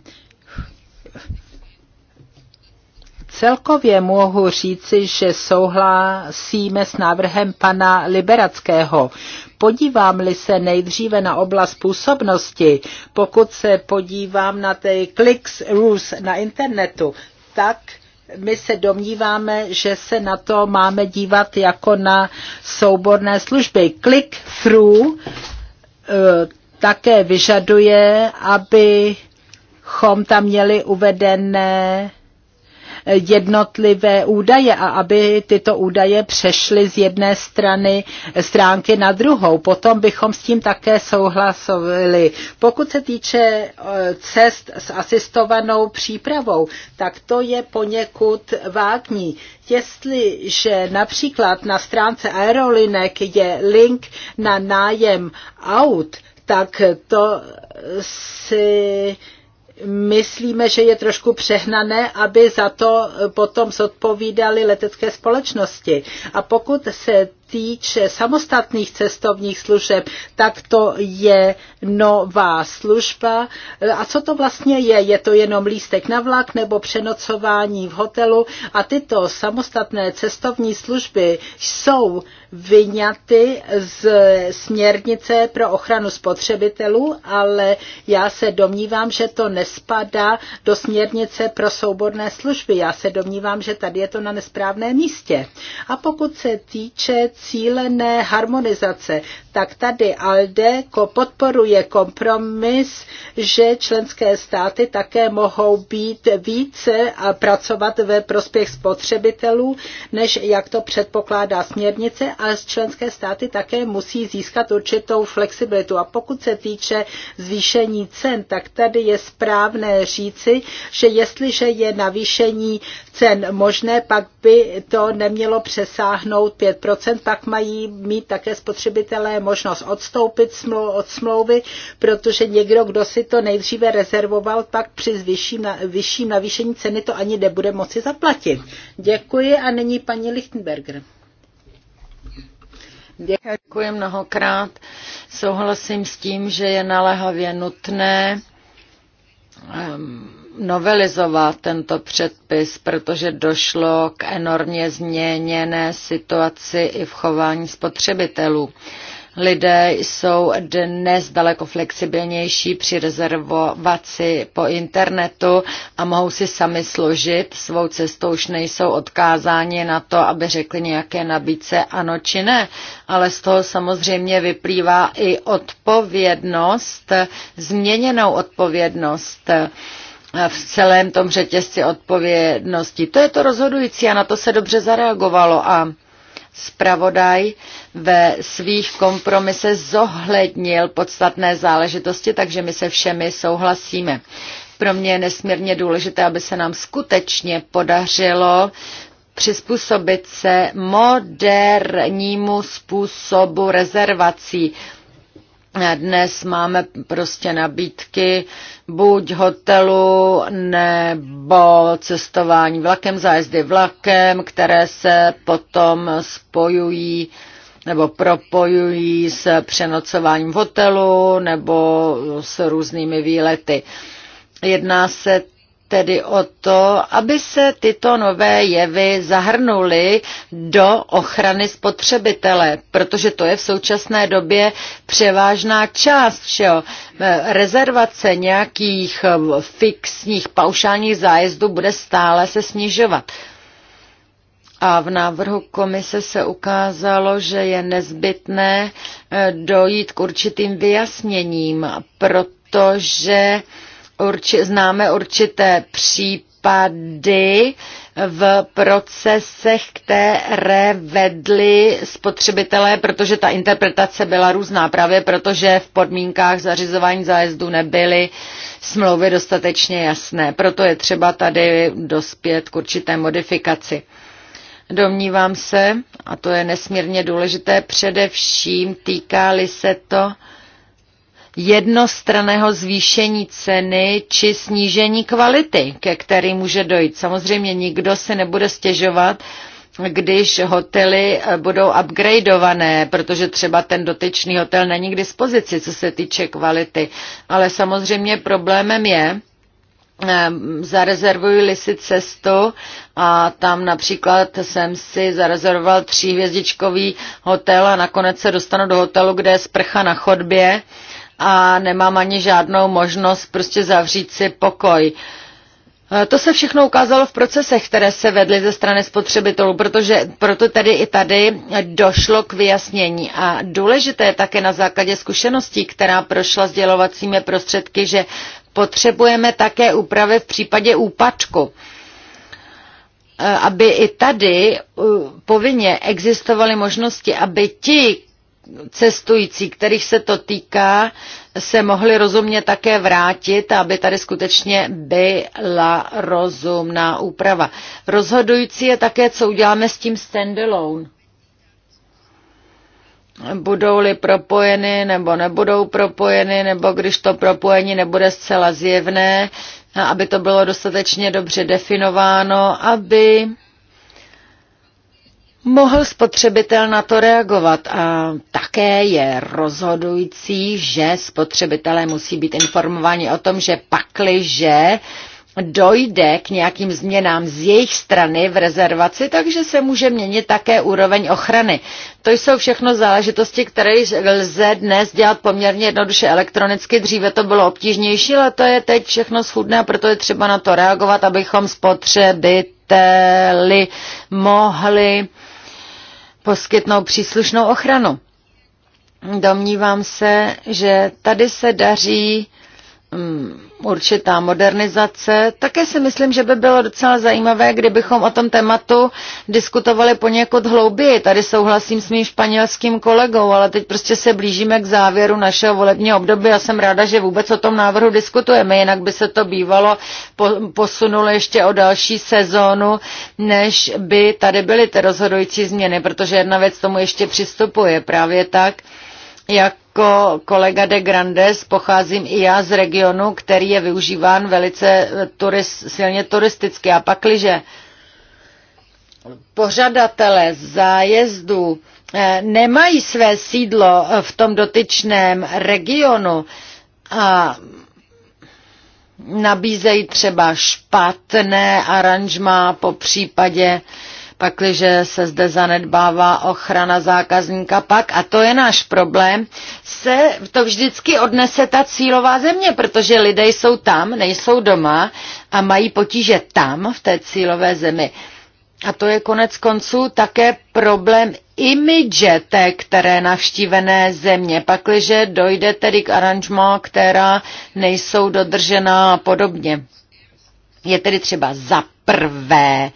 Speaker 3: Celkově mohu říci, že souhlasíme s návrhem pana Liberackého. Podívám-li se nejdříve na oblast působnosti, pokud se podívám na ty clicks rules na internetu, tak my se domníváme, že se na to máme dívat jako na souborné služby. Click through eh, také vyžaduje, abychom tam měli uvedené jednotlivé údaje a aby tyto údaje přešly z jedné strany stránky na druhou. Potom bychom s tím také souhlasovali. Pokud se týče eh, cest s asistovanou přípravou, tak to je poněkud vágní. Jestliže například na stránce aerolinek je link na nájem aut, tak to si myslíme, že je trošku přehnané, aby za to potom zodpovídali letecké společnosti. A pokud se týče samostatných cestovních služeb, tak to je nová služba. A co to vlastně je? Je to jenom lístek na vlak nebo přenocování v hotelu? A tyto samostatné cestovní služby jsou vyňaty z směrnice pro ochranu spotřebitelů, ale já se domnívám, že to nespadá do směrnice pro souborné služby. Já se domnívám, že tady je to na nesprávné místě. A pokud se týče cílené harmonizace, tak tady ALDE podporuje kompromis, že členské státy také mohou být více a pracovat ve prospěch spotřebitelů, než jak to předpokládá směrnice, a členské státy také musí získat určitou flexibilitu. A pokud se týče zvýšení cen, tak tady je správné říci, že jestliže je navýšení cen možné, pak by to nemělo přesáhnout 5%, pak mají mít také spotřebitelé možnost odstoupit od smlouvy, protože někdo, kdo si to nejdříve rezervoval, pak při vyšším, vyšším navýšení ceny to ani nebude moci zaplatit. Děkuji a nyní paní Lichtenberger. Děkuji mnohokrát.
Speaker 2: Souhlasím s tím, že je naléhavě nutné um, novelizovat tento předpis, protože došlo k enormně změněné situaci i v chování spotřebitelů. Lidé jsou dnes daleko flexibilnější při rezervovaci po internetu a mohou si sami složit svou cestou, už nejsou odkázáni na to, aby řekli nějaké nabídce ano či ne, ale z toho samozřejmě vyplývá i odpovědnost, změněnou odpovědnost v celém tom řetězci odpovědnosti. To je to rozhodující a na to se dobře zareagovalo a zpravodaj ve svých kompromise zohlednil podstatné záležitosti, takže my se všemi souhlasíme. Pro mě je nesmírně důležité, aby se nám skutečně podařilo přizpůsobit se modernímu způsobu rezervací. Dnes máme prostě nabídky buď hotelu nebo cestování vlakem, zájezdy vlakem, které se potom spojují nebo propojují s přenocováním v hotelu nebo s různými výlety. Jedná se tedy o to, aby se tyto nové jevy zahrnuly do ochrany spotřebitele, protože to je v současné době převážná část všeho. Eh, rezervace nějakých eh, fixních paušálních zájezdů bude stále se snižovat. A v návrhu komise se ukázalo, že je nezbytné eh, dojít k určitým vyjasněním, protože urči, známe určité případy v procesech, které vedly spotřebitelé, protože ta interpretace byla různá, právě protože v podmínkách zařizování zájezdu nebyly smlouvy dostatečně jasné. Proto je třeba tady dospět k určité modifikaci. Domnívám se, a to je nesmírně důležité, především týká-li se to jednostraného zvýšení ceny či snížení kvality, ke který může dojít. Samozřejmě nikdo se nebude stěžovat, když hotely eh, budou upgradeované, protože třeba ten dotyčný hotel není k dispozici, co se týče kvality. Ale samozřejmě problémem je, eh, zarezervuji-li si cestu a tam například jsem si zarezervoval tříhvězdičkový hotel a nakonec se dostanu do hotelu, kde je sprcha na chodbě, a nemám ani žádnou možnost prostě zavřít si pokoj. E, to se všechno ukázalo v procesech, které se vedly ze strany spotřebitelů, protože proto tedy i tady došlo k vyjasnění. A důležité je také na základě zkušeností, která prošla sdělovacími prostředky, že potřebujeme také úpravy v případě úpačku e, aby i tady e, povinně existovaly možnosti, aby ti, cestující, kterých se to týká, se mohli rozumně také vrátit, aby tady skutečně byla rozumná úprava. Rozhodující je také, co uděláme s tím standalone. Budou-li propojeny nebo nebudou propojeny, nebo když to propojení nebude zcela zjevné, aby to bylo dostatečně dobře definováno, aby mohl spotřebitel na to reagovat. A také je rozhodující, že spotřebitelé musí být informováni o tom, že pakliže dojde k nějakým změnám z jejich strany v rezervaci, takže se může měnit také úroveň ochrany. To jsou všechno záležitosti, které lze dnes dělat poměrně jednoduše elektronicky. Dříve to bylo obtížnější, ale to je teď všechno schudné a proto je třeba na to reagovat, abychom spotřebiteli mohli poskytnou příslušnou ochranu. Domnívám se, že tady se daří mm, určitá modernizace. Také si myslím, že by bylo docela zajímavé, kdybychom o tom tématu diskutovali poněkud hlouběji. Tady souhlasím s mým španělským kolegou, ale teď prostě se blížíme k závěru našeho volebního období a jsem ráda, že vůbec o tom návrhu diskutujeme, jinak by se to bývalo posunulo ještě o další sezónu, než by tady byly ty rozhodující změny, protože jedna věc tomu ještě přistupuje právě tak, jako kolega de Grandes pocházím i já z regionu, který je využíván velice turist, silně turisticky. A pakliže pořadatele zájezdu eh, nemají své sídlo eh, v tom dotyčném regionu a nabízejí třeba špatné aranžma po případě eh, pakliže se zde zanedbává ochrana zákazníka pak, a to je náš problém, se to vždycky odnese ta cílová země, protože lidé jsou tam, nejsou doma a mají potíže tam, v té cílové zemi. A to je konec konců také problém imidže té, které navštívené země, pakliže dojde tedy k aranžmá, která nejsou dodržená a podobně. Je tedy třeba za prvé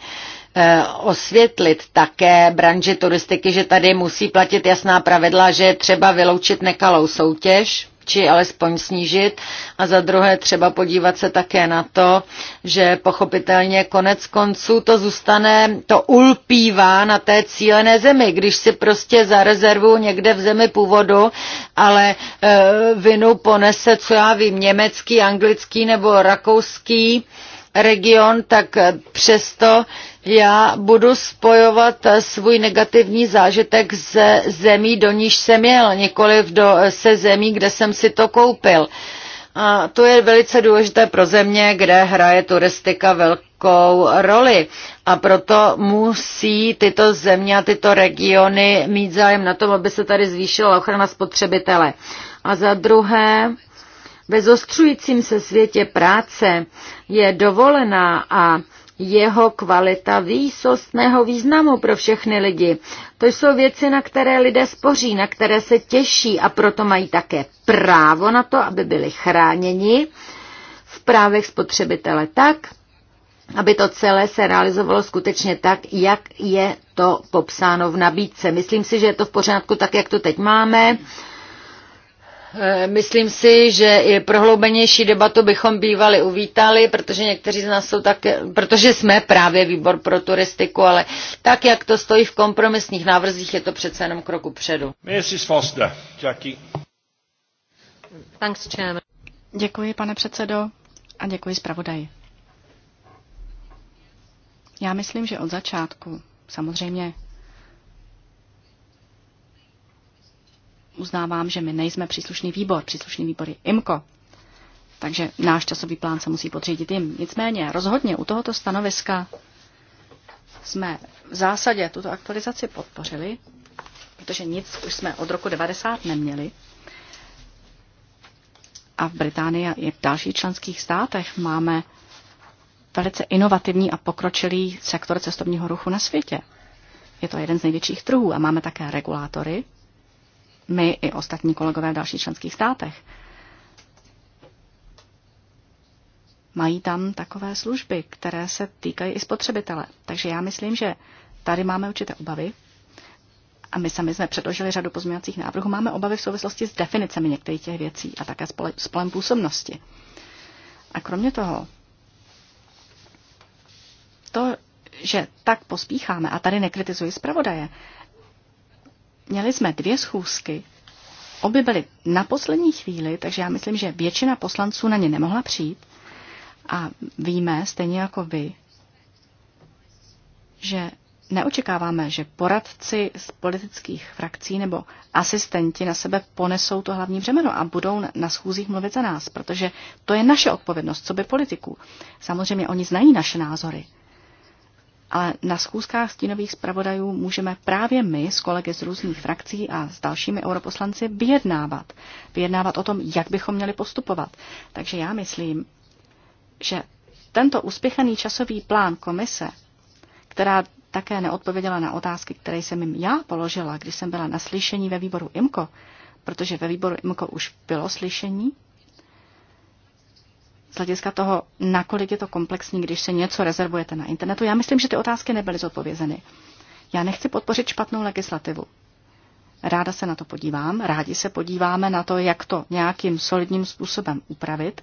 Speaker 2: Eh, osvětlit také branži turistiky, že tady musí platit jasná pravidla, že je třeba vyloučit nekalou soutěž či alespoň snížit. A za druhé třeba podívat se také na to, že pochopitelně konec konců to zůstane, to ulpívá na té cílené zemi, když si prostě rezervu někde v zemi původu, ale e, vinu ponese, co já vím, německý, anglický nebo rakouský region, tak přesto já budu spojovat eh, svůj negativní zážitek ze zemí, do níž jsem jel, nikoliv do, eh, se zemí, kde jsem si to koupil. A to je velice důležité pro země, kde hraje turistika velkou roli. A proto musí tyto země a tyto regiony mít zájem na tom, aby se tady zvýšila ochrana spotřebitele. A za druhé, ve zostřujícím se světě práce je dovolená a jeho kvalita výsostného významu pro všechny lidi. To jsou věci, na které lidé spoří, na které se těší a proto mají také právo na to, aby byli chráněni v právech spotřebitele tak, aby to celé se realizovalo skutečně tak, jak je to popsáno v nabídce. Myslím si, že je to v pořádku tak, jak to teď máme. Eh, myslím si, že i prohloubenější debatu bychom bývali uvítali, protože někteří z nás jsou také, protože jsme právě výbor pro turistiku, ale tak, jak to stojí v kompromisních návrzích, je to přece jenom kroku předu.
Speaker 1: Děkuji, pane předsedo, a děkuji zpravodaji. Já myslím, že od začátku, samozřejmě uznávám, že my nejsme příslušný výbor, příslušný výbor je IMKO. Takže náš časový plán se musí podřídit jim. Nicméně rozhodně u tohoto stanoviska jsme v zásadě tuto aktualizaci podpořili, protože nic už jsme od roku 90 neměli. A v Británii a i v dalších členských státech máme velice inovativní a pokročilý sektor cestovního ruchu na světě. Je to jeden z největších trhů a máme také regulátory, my i ostatní kolegové v dalších členských státech. Mají tam takové služby, které se týkají i spotřebitele. Takže já myslím, že tady máme určité obavy. A my sami jsme předložili řadu pozměňovacích návrhů. Máme obavy v souvislosti s definicemi některých těch věcí a také s polem působnosti. A kromě toho, to, že tak pospícháme, a tady nekritizuji zpravodaje, Měli jsme dvě schůzky, obě byly na poslední chvíli, takže já myslím, že většina poslanců na ně nemohla přijít. A víme, stejně jako vy, že neočekáváme, že poradci z politických frakcí nebo asistenti na sebe ponesou to hlavní břemeno a budou na schůzích mluvit za nás, protože to je naše odpovědnost, co by politiků. Samozřejmě oni znají naše názory ale na schůzkách stínových zpravodajů můžeme právě my s kolegy z různých frakcí a s dalšími europoslanci vyjednávat. Vyjednávat o tom, jak bychom měli postupovat. Takže já myslím, že tento uspěchaný časový plán komise, která také neodpověděla na otázky, které jsem jim já položila, když jsem byla na slyšení ve výboru IMKO, protože ve výboru IMKO už bylo slyšení z hlediska toho, nakolik je to komplexní, když se něco rezervujete na internetu. Já myslím, že ty otázky nebyly zodpovězeny. Já nechci podpořit špatnou legislativu. Ráda se na to podívám, rádi se podíváme na to, jak to nějakým solidním způsobem upravit,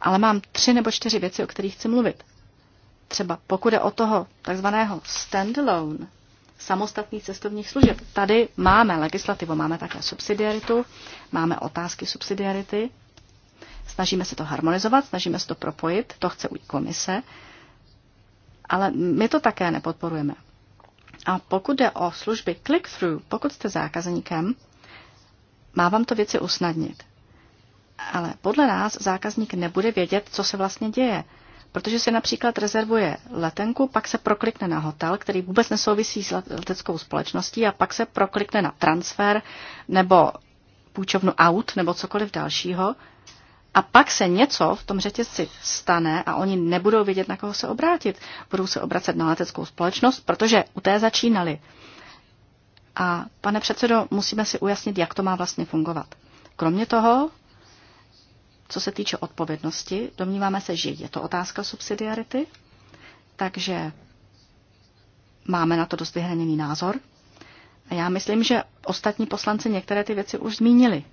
Speaker 1: ale mám tři nebo čtyři věci, o kterých chci mluvit. Třeba pokud je o toho takzvaného standalone, samostatných cestovních služeb. Tady máme legislativu, máme také subsidiaritu, máme otázky subsidiarity, Snažíme se to harmonizovat, snažíme se to propojit, to chce komise, ale my to také nepodporujeme. A pokud jde o služby click-through, pokud jste zákazníkem, má vám to věci usnadnit. Ale podle nás zákazník nebude vědět, co se vlastně děje, protože si například rezervuje letenku, pak se proklikne na hotel, který vůbec nesouvisí s leteckou společností a pak se proklikne na transfer nebo půjčovnu aut nebo cokoliv dalšího a pak se něco v tom řetězci stane a oni nebudou vědět, na koho se obrátit. Budou se obracet na leteckou společnost, protože u té začínali. A pane předsedo, musíme si ujasnit, jak to má vlastně fungovat. Kromě toho, co se týče odpovědnosti, domníváme se, že je to otázka subsidiarity, takže máme na to dost vyhraněný názor. A já myslím, že ostatní poslanci některé ty věci už zmínili.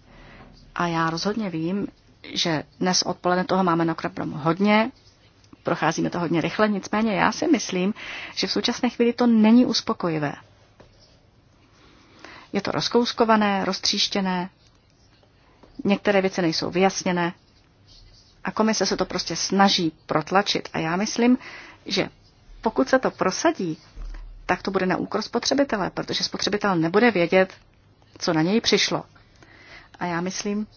Speaker 1: A já rozhodně vím, že dnes odpoledne toho máme na Krablom hodně, procházíme to hodně rychle, nicméně já si myslím, že v současné chvíli to není uspokojivé. Je to rozkouskované, roztříštěné, některé věci nejsou vyjasněné a komise se to prostě snaží protlačit. A já myslím, že pokud se to prosadí, tak to bude na úkor spotřebitele, protože spotřebitel nebude vědět, co na něj přišlo. A já myslím,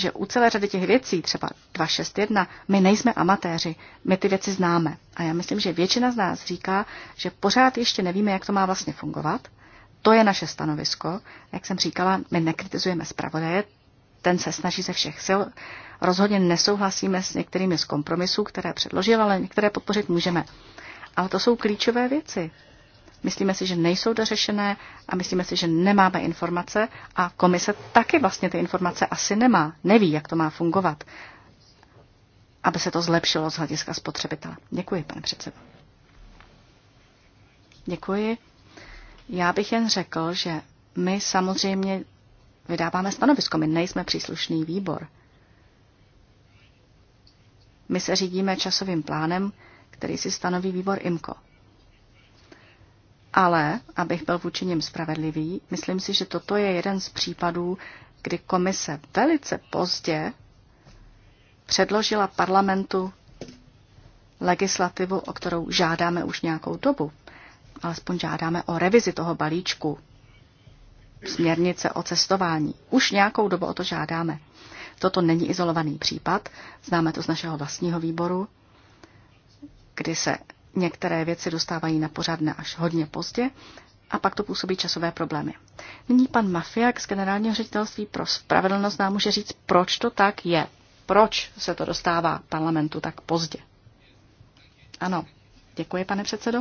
Speaker 1: že u celé řady těch věcí, třeba 261, my nejsme amatéři, my ty věci známe. A já myslím, že většina z nás říká, že pořád ještě nevíme, jak to má vlastně fungovat. To je naše stanovisko. Jak jsem říkala, my nekritizujeme zpravodaje, ten se snaží ze všech sil. Rozhodně nesouhlasíme s některými z kompromisů, které předložil, ale některé podpořit můžeme. Ale to jsou klíčové věci. Myslíme si, že nejsou dořešené a myslíme si, že nemáme informace a komise taky vlastně ty informace asi nemá, neví, jak to má fungovat, aby se to zlepšilo z hlediska spotřebitele. Děkuji, pane předsedo. Děkuji. Já bych jen řekl, že my samozřejmě vydáváme stanovisko, my nejsme příslušný výbor. My se řídíme časovým plánem, který si stanoví výbor IMCO. Ale, abych byl vůči ním spravedlivý, myslím si, že toto je jeden z případů, kdy komise velice pozdě předložila parlamentu legislativu, o kterou žádáme už nějakou dobu. Alespoň žádáme o revizi toho balíčku směrnice o cestování. Už nějakou dobu o to žádáme. Toto není izolovaný případ, známe to z našeho vlastního výboru, kdy se Některé věci dostávají na pořádné až hodně pozdě a pak to působí časové problémy. Nyní pan Mafiak z Generálního ředitelství pro spravedlnost nám může říct, proč to tak je. Proč se to dostává parlamentu tak pozdě? Ano, děkuji, pane předsedo.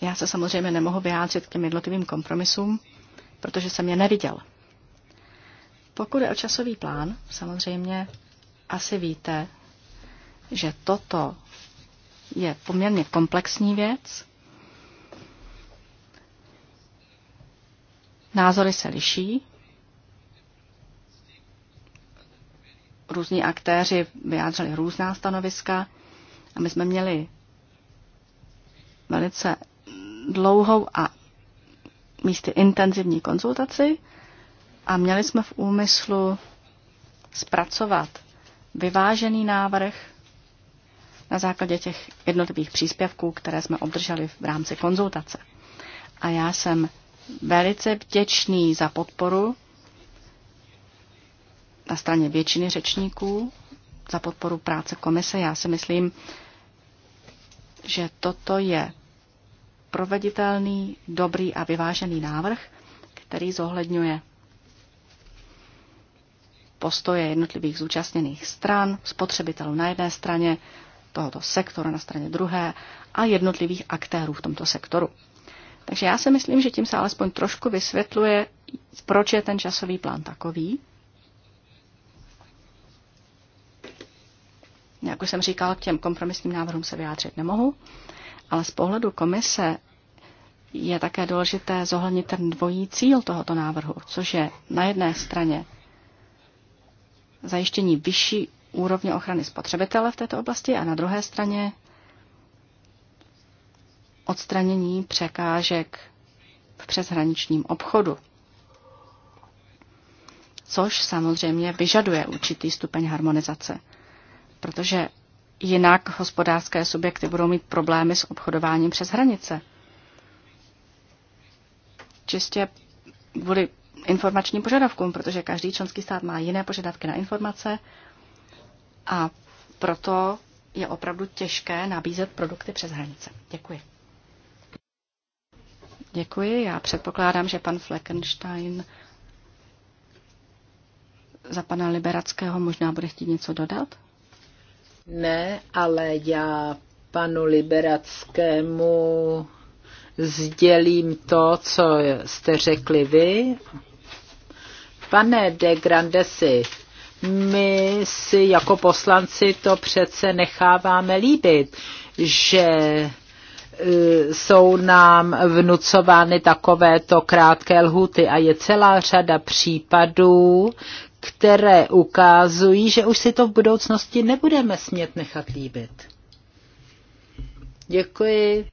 Speaker 1: Já se samozřejmě nemohu vyjádřit k těm jednotlivým kompromisům, protože jsem je neviděl. Pokud je o časový plán, samozřejmě asi víte, že toto je poměrně komplexní věc. Názory se liší. Různí aktéři vyjádřili různá stanoviska a my jsme měli velice dlouhou a místy intenzivní konzultaci a měli jsme v úmyslu zpracovat vyvážený návrh, na základě těch jednotlivých příspěvků, které jsme obdrželi v rámci konzultace. A já jsem velice vděčný za podporu na straně většiny řečníků, za podporu práce komise. Já si myslím, že toto je proveditelný, dobrý a vyvážený návrh, který zohledňuje postoje jednotlivých zúčastněných stran, spotřebitelů na jedné straně, tohoto sektoru na straně druhé a jednotlivých aktérů v tomto sektoru. Takže já si myslím, že tím se alespoň trošku vysvětluje, proč je ten časový plán takový. Jak už jsem říkal, k těm kompromisním návrhům se vyjádřit nemohu, ale z pohledu komise je také důležité zohlednit ten dvojí cíl tohoto návrhu, což je na jedné straně zajištění vyšší úrovně ochrany spotřebitele v této oblasti a na druhé straně odstranění překážek v přeshraničním obchodu, což samozřejmě vyžaduje určitý stupeň harmonizace, protože jinak hospodářské subjekty budou mít problémy s obchodováním přes hranice. Čistě kvůli informačním požadavkům, protože každý členský stát má jiné požadavky na informace a proto je opravdu těžké nabízet produkty přes hranice. Děkuji. Děkuji. Já předpokládám, že pan Fleckenstein za pana Liberackého možná bude chtít
Speaker 3: něco dodat? Ne, ale já panu Liberackému sdělím to, co jste řekli vy. Pane de Grandesi, my si jako poslanci to přece necháváme líbit, že e, jsou nám vnucovány takovéto krátké lhuty a je celá řada případů, které ukazují, že už si to v budoucnosti nebudeme smět nechat líbit. Děkuji.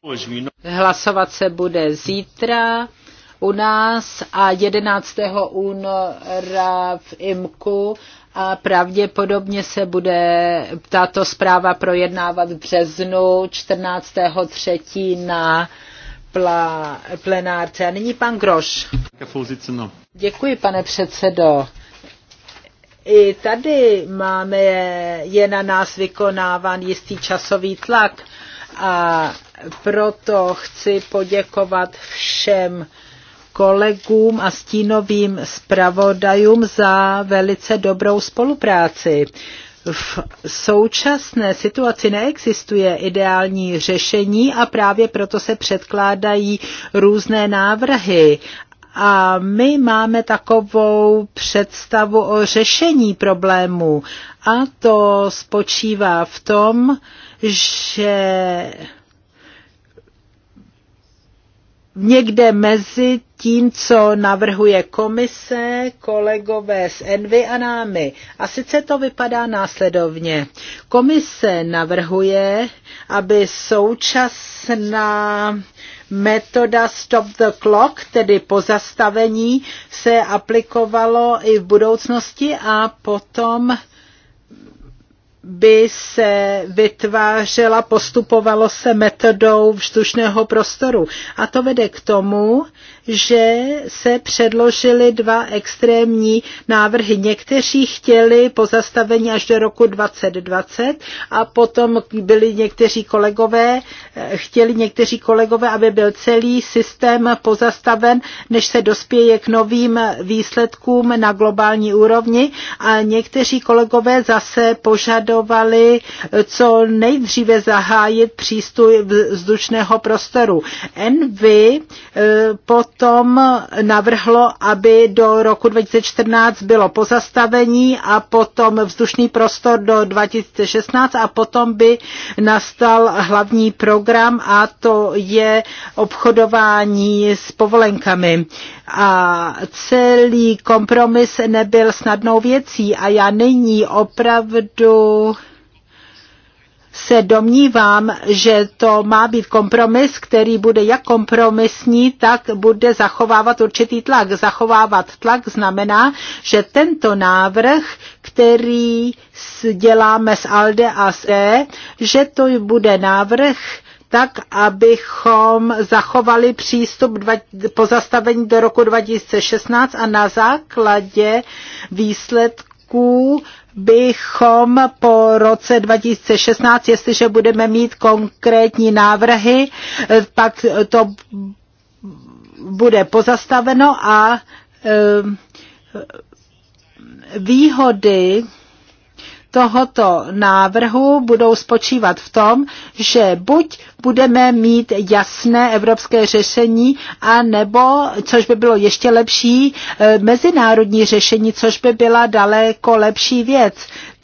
Speaker 3: Hlasovat se bude zítra u nás a 11. února v IMKU a pravděpodobně se bude tato zpráva projednávat v březnu 14.3. na plenárce. A nyní pan Groš. Děkuji, pane předsedo. I tady máme, je na nás vykonáván jistý časový tlak a proto chci poděkovat všem kolegům a stínovým zpravodajům za velice dobrou spolupráci. V současné situaci neexistuje ideální řešení a právě proto se předkládají různé návrhy. A my máme takovou představu o řešení problému. A to spočívá v tom, že někde mezi tím, co navrhuje komise, kolegové z Envy a námi. A sice to vypadá následovně. Komise navrhuje, aby současná metoda stop the clock, tedy pozastavení, se aplikovalo i v budoucnosti a potom by se vytvářela, postupovalo se metodou vzdušného prostoru. A to vede k tomu, že se předložily dva extrémní návrhy. Někteří chtěli pozastavení až do roku 2020 a potom byli někteří kolegové, eh, chtěli někteří kolegové, aby byl celý systém pozastaven, než se dospěje k novým výsledkům na globální úrovni a někteří kolegové zase požadovali eh, co nejdříve zahájit přístup vzdušného prostoru. Envy eh, pot potom navrhlo, aby do roku 2014 bylo pozastavení a potom vzdušný prostor do 2016 a potom by nastal hlavní program a to je obchodování s povolenkami. A celý kompromis nebyl snadnou věcí a já nyní opravdu se domnívám, že to má být kompromis, který bude jak kompromisní, tak bude zachovávat určitý tlak. Zachovávat tlak znamená, že tento návrh, který děláme s ALDE a s E, že to bude návrh, tak, abychom zachovali přístup dva, pozastavení do roku 2016 a na základě výsledků bychom po roce 2016, jestliže budeme mít konkrétní návrhy, eh, pak to bude pozastaveno a eh, výhody tohoto návrhu budou spočívat v tom, že buď budeme mít jasné evropské řešení, a nebo, což by bylo ještě lepší, e, mezinárodní řešení, což by byla daleko lepší věc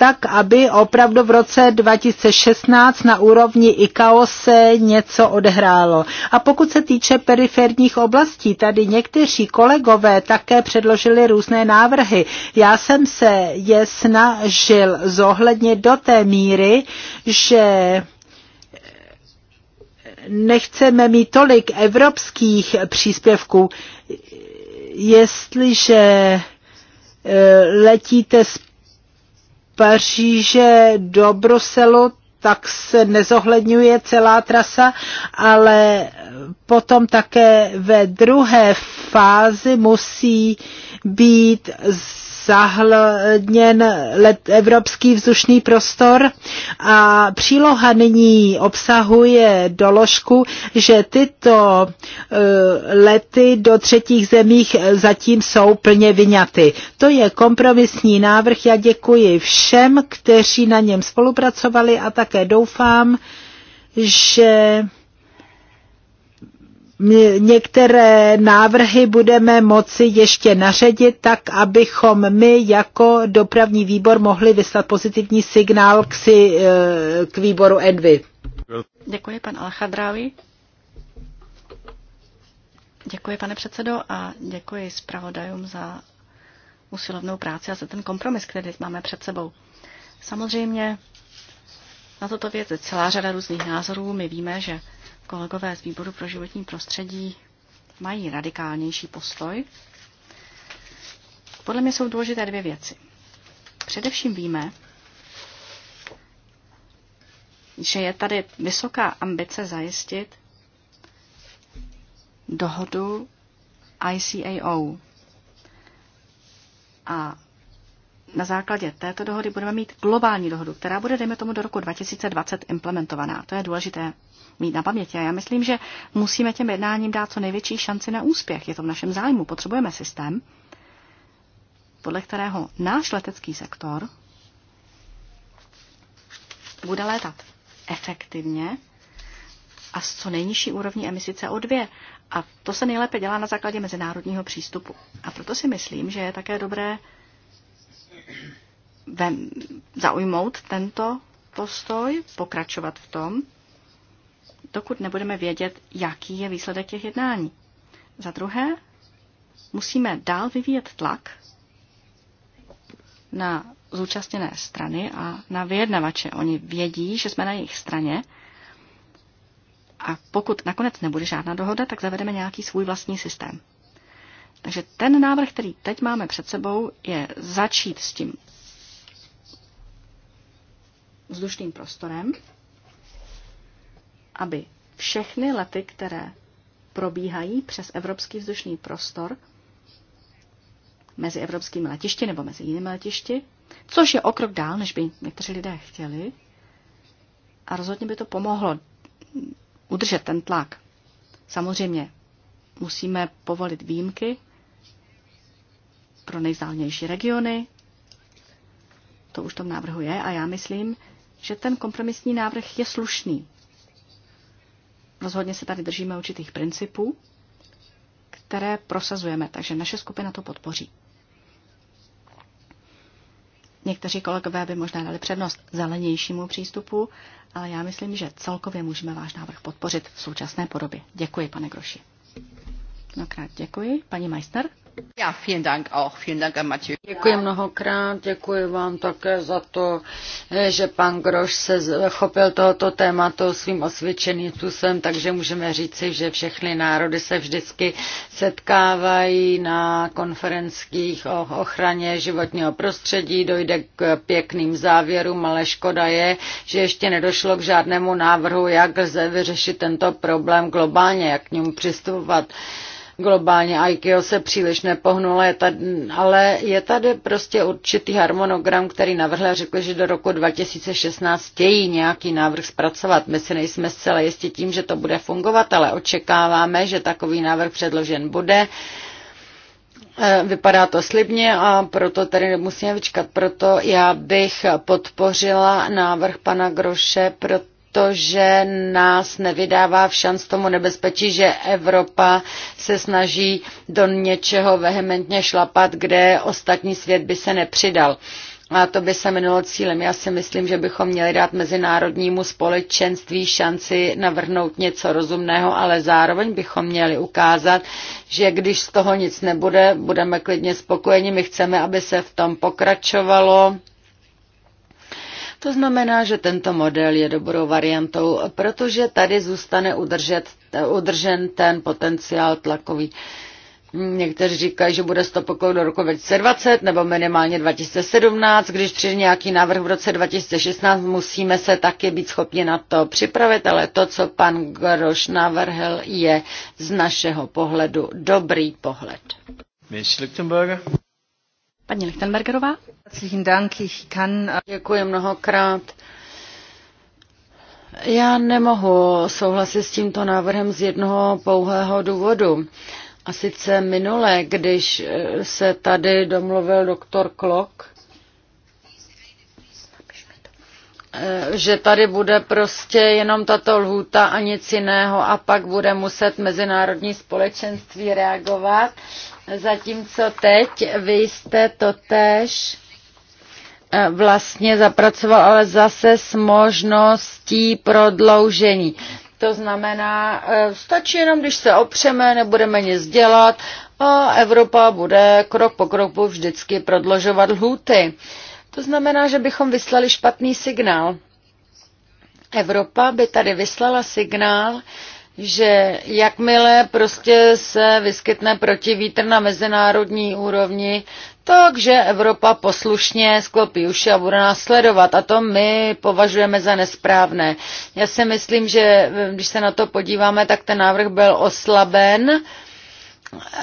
Speaker 3: tak aby opravdu v roce 2016 na úrovni ICAO se něco odehrálo. A pokud se týče periferních oblastí, tady někteří kolegové také předložili různé návrhy. Já jsem se je snažil zohlednit do té míry, že nechceme mít tolik evropských příspěvků, jestliže e, letíte z Paříže do Bruselu, tak se nezohledňuje celá trasa, ale potom také ve druhé fázi musí být z zahlněn let, evropský vzdušný prostor a příloha nyní obsahuje doložku, že tyto eh, lety do třetích zemích zatím jsou plně vyňaty. To je kompromisní návrh. Já děkuji všem, kteří na něm spolupracovali a také doufám, že některé návrhy budeme moci ještě naředit, tak abychom my jako dopravní výbor mohli vyslat pozitivní signál k, si, eh, k výboru Envy.
Speaker 1: Děkuji, pan Alchadrávi. Děkuji, pane předsedo, a děkuji zpravodajům za usilovnou práci a za ten kompromis, který máme před sebou. Samozřejmě na toto věc je celá řada různých názorů. My víme, že Kolegové z výboru pro životní prostředí mají radikálnější postoj. Podle mě jsou důležité dvě věci. Především víme, že je tady vysoká ambice zajistit dohodu ICAO. A na základě této dohody budeme mít globální dohodu, která bude, dejme tomu, do roku 2020 implementovaná. To je důležité mít na paměti. A já myslím, že musíme těm jednáním dát co největší šanci na úspěch. Je to v našem zájmu. Potřebujeme systém, podle kterého náš letecký sektor bude létat efektivně a s co nejnižší úrovní emisí CO2. A to se nejlépe dělá na základě mezinárodního přístupu. A proto si myslím, že je také dobré zaujmout tento postoj, pokračovat v tom dokud nebudeme vědět, jaký je výsledek těch jednání. Za druhé, musíme dál vyvíjet tlak na zúčastněné strany a na vyjednavače. Oni vědí, že jsme na jejich straně a pokud nakonec nebude žádná dohoda, tak zavedeme nějaký svůj vlastní systém. Takže ten návrh, který teď máme před sebou, je začít s tím vzdušným prostorem aby všechny lety, které probíhají přes evropský vzdušný prostor, mezi evropskými letišti nebo mezi jinými letišti, což je o krok dál, než by někteří lidé chtěli. A rozhodně by to pomohlo udržet ten tlak. Samozřejmě musíme povolit výjimky pro nejzálnější regiony. To už v tom návrhu je a já myslím, že ten kompromisní návrh je slušný. Rozhodně se tady držíme určitých principů, které prosazujeme, takže naše skupina to podpoří. Někteří kolegové by možná dali přednost zelenějšímu přístupu, ale já myslím, že celkově můžeme váš návrh podpořit v současné podobě. Děkuji, pane Groši. Mnohokrát děkuji. Paní Majster?
Speaker 2: Děkuji mnohokrát, děkuji vám také za to, eh, že pan Groš se chopil tohoto tématu svým osvědčeným způsobem, takže můžeme říci, že všechny národy se vždycky setkávají na konferenských o ochraně životního prostředí, dojde k pěkným závěrům, ale škoda je, že ještě nedošlo k žádnému návrhu, jak lze vyřešit tento problém globálně, jak k němu přistupovat globálně IKEA se příliš nepohnulo, je tady, ale je tady prostě určitý harmonogram, který navrhl a řekl, že do roku 2016 chtějí nějaký návrh zpracovat. My si nejsme zcela jistí tím, že to bude fungovat, ale očekáváme, že takový návrh předložen bude. E, vypadá to slibně a proto tady musíme vyčkat. Proto já bych podpořila návrh pana Groše, proto protože nás nevydává v šanc tomu nebezpečí, že Evropa se snaží do něčeho vehementně šlapat, kde ostatní svět by se nepřidal. A to by se minulo cílem. Já si myslím, že bychom měli dát mezinárodnímu společenství šanci navrhnout něco rozumného, ale zároveň bychom měli ukázat, že když z toho nic nebude, budeme klidně spokojeni. My chceme, aby se v tom pokračovalo to znamená, že tento model je dobrou variantou, protože tady zůstane udržet, udržen ten potenciál tlakový. Někteří říkají, že bude stopokol do roku 2020 nebo minimálně 2017. Když přijde nějaký návrh v roce 2016, musíme se taky být schopni na to připravit, ale to, co pan Groš navrhl, je z našeho pohledu dobrý pohled.
Speaker 1: Ms. Paní Lichtenbergerová. Äh, Děkuji
Speaker 2: mnohokrát. Já nemohu souhlasit s tímto návrhem z jednoho pouhého důvodu. A sice minule, když e, se tady domluvil doktor Klok, e, že tady bude prostě jenom tato lhůta a nic jiného a pak bude muset mezinárodní společenství reagovat Zatímco teď vy jste totéž eh, vlastně zapracoval, ale zase s možností prodloužení. To znamená, eh, stačí jenom, když se opřeme, nebudeme nic dělat a Evropa bude krok po kroku vždycky prodlužovat lhůty. To znamená, že bychom vyslali špatný signál. Evropa by tady vyslala signál, že jakmile prostě se vyskytne protivítr na mezinárodní úrovni, takže Evropa poslušně sklopí uši a bude sledovat. A to my považujeme za nesprávné. Já si myslím, že když se na to podíváme, tak ten návrh byl oslaben.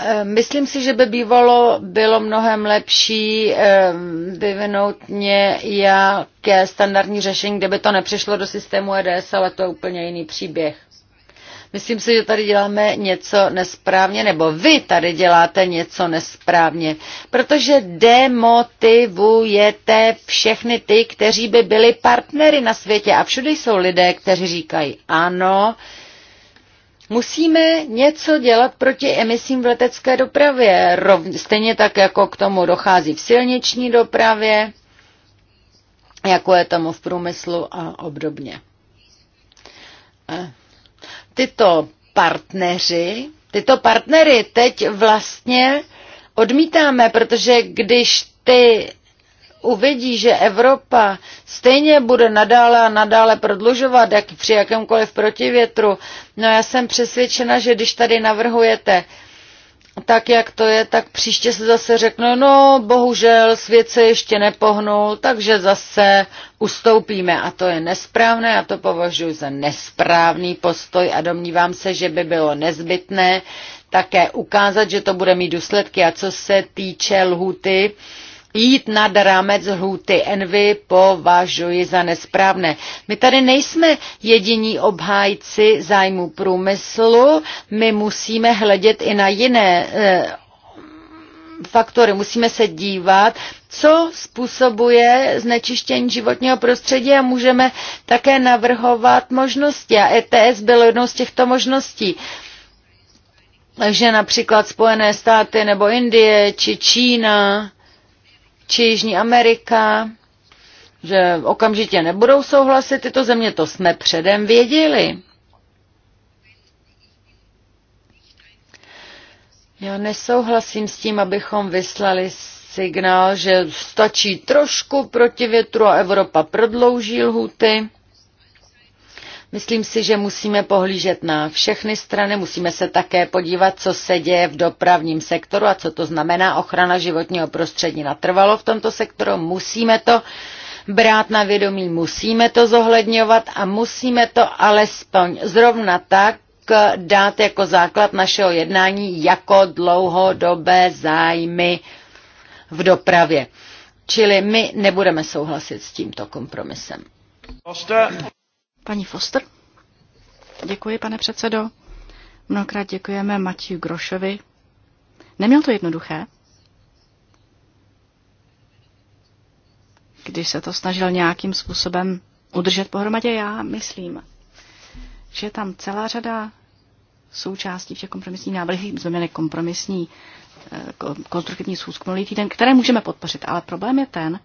Speaker 2: Ehm, myslím si, že by bývalo bylo mnohem lepší ehm, vyvinout nějaké standardní řešení, kde by to nepřešlo do systému EDS, ale to je úplně jiný příběh. Myslím si, že tady děláme něco nesprávně, nebo vy tady děláte něco nesprávně, protože demotivujete všechny ty, kteří by byli partnery na světě. A všude jsou lidé, kteří říkají ano, Musíme něco dělat proti emisím v letecké dopravě, stejně tak, jako k tomu dochází v silniční dopravě, jako je tomu v průmyslu a obdobně. Eh, tyto partneři, tyto partnery teď vlastně odmítáme, protože když ty uvidí, že Evropa stejně bude nadále a nadále prodlužovat jak při jakémkoliv protivětru. No já jsem přesvědčena, že když tady navrhujete tak jak to je, tak příště se zase řekne, no bohužel svět se ještě nepohnul, takže zase ustoupíme a to je nesprávné a to považuji za nesprávný postoj a domnívám se, že by bylo nezbytné také ukázat, že to bude mít důsledky a co se týče lhuty, jít nad rámec lhůty Envy považuji za nesprávné. My tady nejsme jediní obhájci zájmu průmyslu, my musíme hledět i na jiné e, faktory. Musíme se dívat, co způsobuje znečištění životního prostředí a můžeme také navrhovat možnosti. A ETS bylo jednou z těchto možností že například Spojené státy nebo Indie či Čína či Jižní Amerika, že okamžitě nebudou souhlasit tyto země, to jsme předem věděli. Já nesouhlasím s tím, abychom vyslali signál, že stačí trošku proti větru a Evropa prodlouží lhuty. Myslím si, že musíme pohlížet na všechny strany, musíme se také podívat, co se děje v dopravním sektoru a co to znamená ochrana životního prostředí natrvalo v tomto sektoru. Musíme to brát na vědomí, musíme to zohledňovat a musíme to alespoň zrovna tak dát jako základ našeho jednání jako dlouhodobé zájmy v dopravě. Čili my nebudeme souhlasit s tímto kompromisem.
Speaker 1: Paní Foster. Děkuji, pane předsedo. Mnohokrát děkujeme Matiu Grošovi. Neměl to jednoduché, když se to snažil nějakým způsobem udržet pohromadě, já myslím, že je tam celá řada součástí v těch kompromisních návrhů, znamená kompromisní eh, konstruktivní schůzku minulý týden, které můžeme podpořit. Ale problém je ten,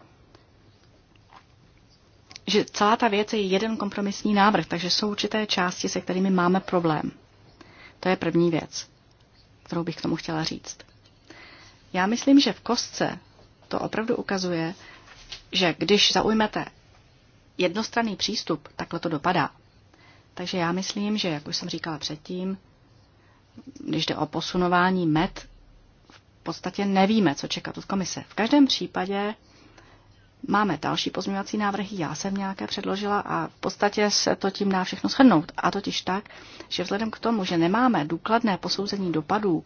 Speaker 1: že celá ta věc je jeden kompromisní návrh, takže jsou určité části, se kterými máme problém. To je první věc, kterou bych k tomu chtěla říct. Já myslím, že v kostce to opravdu ukazuje, že když zaujmete jednostranný přístup, takhle to dopadá. Takže já myslím, že, jak už jsem říkala předtím, když jde o posunování met, v podstatě nevíme, co čekat od komise. V každém případě Máme další pozměňovací návrhy, já jsem nějaké předložila a v podstatě se to tím dá všechno shrnout. A totiž tak, že vzhledem k tomu, že nemáme důkladné posouzení dopadů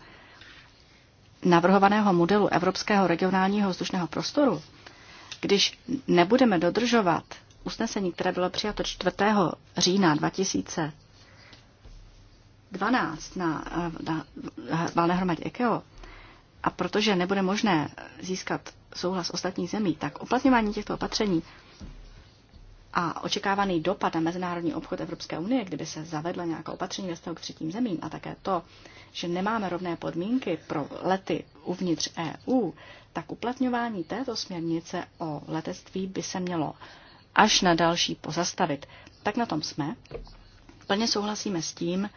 Speaker 1: navrhovaného modelu Evropského regionálního vzdušného prostoru, když nebudeme dodržovat usnesení, které bylo přijato 4. října 2012 na, na, na valné hromadě EKEO, a protože nebude možné získat souhlas ostatních zemí, tak uplatňování těchto opatření a očekávaný dopad na mezinárodní obchod Evropské unie, kdyby se zavedla nějaká opatření ve vztahu k třetím zemím a také to, že nemáme rovné podmínky pro lety uvnitř EU, tak uplatňování této směrnice o letectví by se mělo až na další pozastavit. Tak na tom jsme. Plně souhlasíme s tím,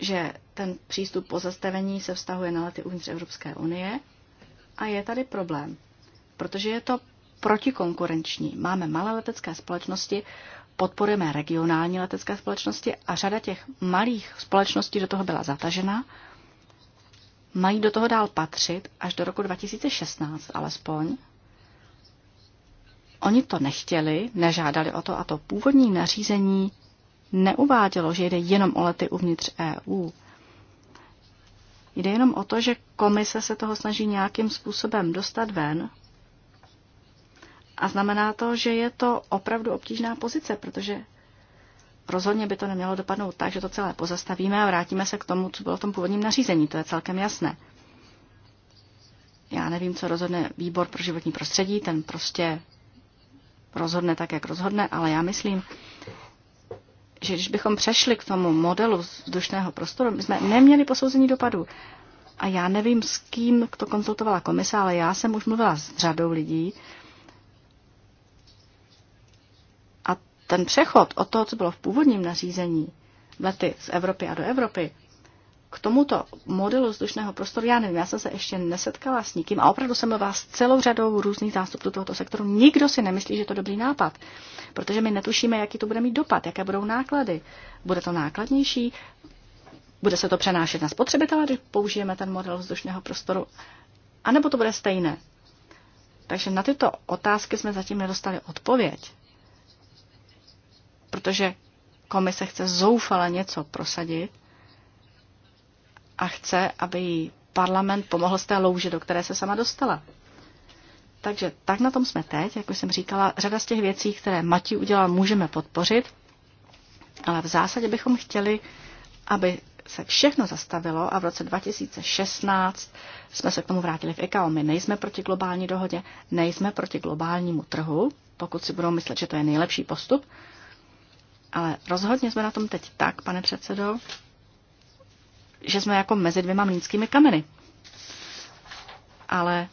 Speaker 1: že ten přístup pozastavení se vztahuje na lety uvnitř Evropské unie a je tady problém, protože je to protikonkurenční. Máme malé letecké společnosti, podporujeme regionální letecké společnosti a řada těch malých společností do toho byla zatažena. Mají do toho dál patřit až do roku 2016 alespoň. Oni to nechtěli, nežádali o to a to původní nařízení neuvádělo, že jde jenom o lety uvnitř EU. Jde jenom o to, že komise se toho snaží nějakým způsobem dostat ven. A znamená to, že je to opravdu obtížná pozice, protože rozhodně by to nemělo dopadnout tak, že to celé pozastavíme a vrátíme se k tomu, co bylo v tom původním nařízení. To je celkem jasné. Já nevím, co rozhodne výbor pro životní prostředí, ten prostě rozhodne tak, jak rozhodne, ale já myslím, že když bychom přešli k tomu modelu vzdušného prostoru, my jsme neměli posouzení dopadu. A já nevím, s kým to konzultovala komise, ale já jsem už mluvila s řadou lidí. A ten přechod od toho, co bylo v původním nařízení, lety z Evropy a do Evropy, k tomuto modelu vzdušného prostoru, já nevím, já jsem se ještě nesetkala s nikým a opravdu jsem vás s celou řadou různých zástupců tohoto sektoru. Nikdo si nemyslí, že je to dobrý nápad, protože my netušíme, jaký to bude mít dopad, jaké budou náklady. Bude to nákladnější, bude se to přenášet na spotřebitele, když použijeme ten model vzdušného prostoru, anebo to bude stejné. Takže na tyto otázky jsme zatím nedostali odpověď, protože komise chce zoufale něco prosadit, a chce, aby jí parlament pomohl z té louže, do které se sama dostala. Takže tak na tom jsme teď, jak už jsem říkala, řada z těch věcí, které Mati udělal, můžeme podpořit, ale v zásadě bychom chtěli, aby se všechno zastavilo a v roce 2016 jsme se k tomu vrátili v ICAO. My nejsme proti globální dohodě, nejsme proti globálnímu trhu, pokud si budou myslet, že to je nejlepší postup, ale rozhodně jsme na tom teď tak, pane předsedo, že jsme jako mezi dvěma mlínskými kameny. Ale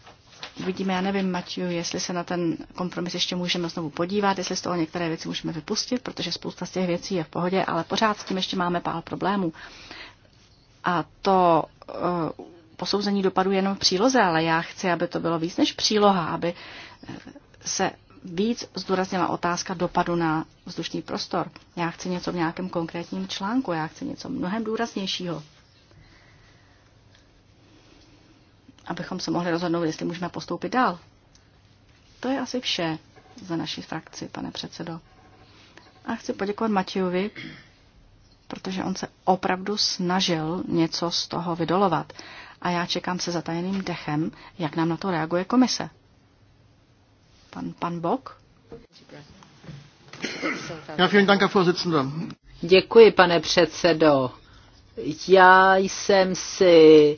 Speaker 1: uvidíme, já nevím, Matiu, jestli se na ten kompromis ještě můžeme znovu podívat, jestli z toho některé věci můžeme vypustit, protože spousta z těch věcí je v pohodě, ale pořád s tím ještě máme pár problémů. A to uh, posouzení dopadu jenom v příloze, ale já chci, aby to bylo víc než příloha, aby se víc zdůraznila otázka dopadu na vzdušný prostor. Já chci něco v nějakém konkrétním článku, já chci něco mnohem důraznějšího. abychom se mohli rozhodnout, jestli můžeme postoupit dál. To je asi vše za naši frakci, pane předsedo. A chci poděkovat Matějovi, protože on se opravdu snažil něco z toho vydolovat. A já čekám se zatajeným dechem, jak nám na to reaguje komise.
Speaker 3: Pan, pan Bok? Já vielen Děkuji, pane předsedo. Já jsem si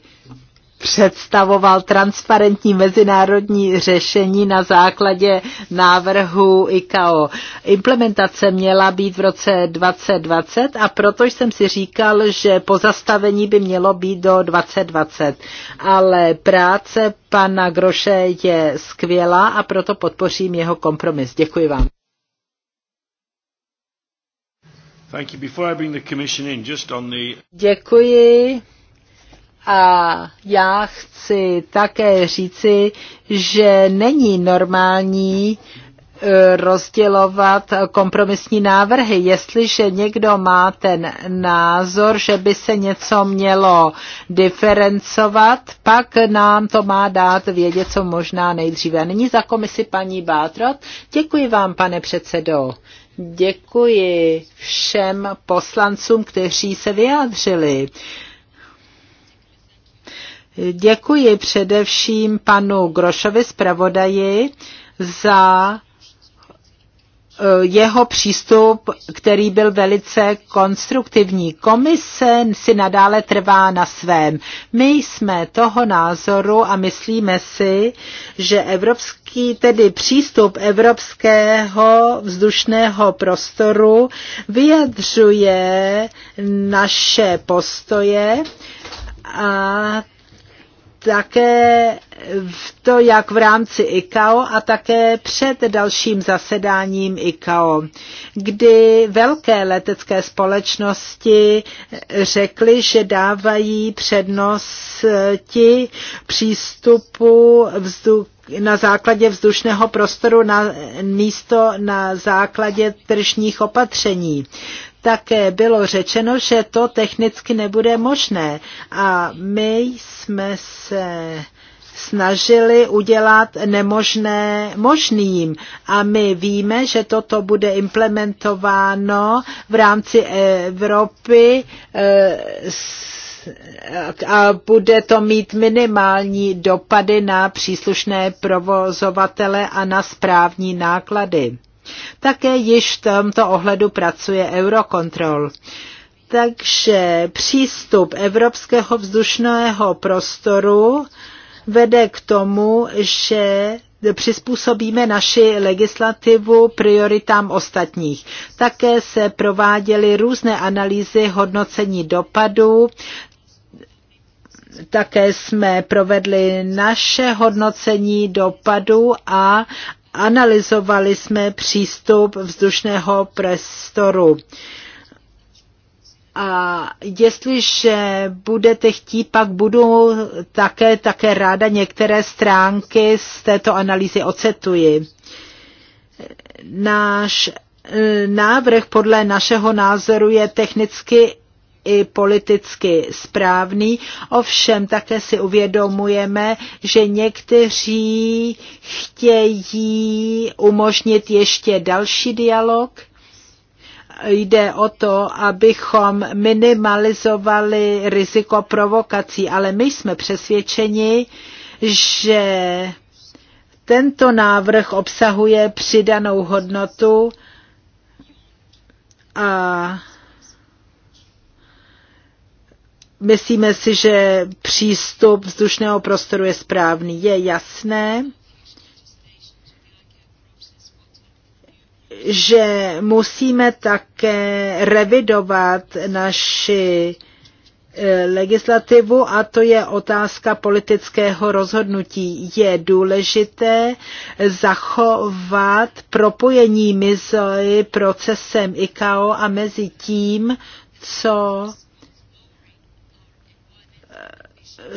Speaker 3: představoval transparentní mezinárodní řešení na základě návrhu ICAO. Implementace měla být v roce 2020 a proto jsem si říkal, že pozastavení by mělo být do 2020. Ale práce pana Groše je skvělá a proto podpořím jeho kompromis. Děkuji vám. Děkuji. A já chci také říci, že není normální e, rozdělovat kompromisní návrhy. Jestliže někdo má ten názor, že by se něco mělo diferencovat, pak nám to má dát vědět, co možná nejdříve. nyní za komisi paní Bátrot. Děkuji vám, pane předsedo. Děkuji všem poslancům, kteří se vyjádřili. Děkuji především panu Grošovi zpravodaji za eh, jeho přístup, který byl velice konstruktivní. Komise si nadále trvá na svém. My jsme toho názoru a myslíme si, že evropský, tedy přístup evropského vzdušného prostoru vyjadřuje naše postoje a také v to, jak v rámci ICAO a také před dalším zasedáním ICAO, kdy velké letecké společnosti řekly, že dávají přednosti přístupu vzduch na základě vzdušného prostoru na místo na základě tržních opatření také bylo řečeno, že to technicky nebude možné. A my jsme se snažili udělat nemožné možným. A my víme, že toto bude implementováno v rámci Evropy eh, a bude to mít minimální dopady na příslušné provozovatele a na správní náklady. Také již v tomto ohledu pracuje Eurocontrol. Takže přístup evropského vzdušného prostoru vede k tomu, že přizpůsobíme naši legislativu prioritám ostatních. Také se prováděly různé analýzy hodnocení dopadů, také jsme provedli naše hodnocení dopadu a analyzovali jsme přístup vzdušného prostoru. A jestliže budete chtít, pak budu také, také ráda některé stránky z této analýzy ocetuji. Náš e, návrh podle našeho názoru je technicky i politicky správný, ovšem také si uvědomujeme, že někteří chtějí umožnit ještě další dialog, jde o to, abychom minimalizovali riziko provokací, ale my jsme přesvědčeni, že tento návrh obsahuje přidanou hodnotu a myslíme si, že přístup vzdušného prostoru je správný. Je jasné, že musíme také revidovat naši eh, legislativu a to je otázka politického rozhodnutí. Je důležité zachovat propojení mezi procesem ICAO a mezi tím, co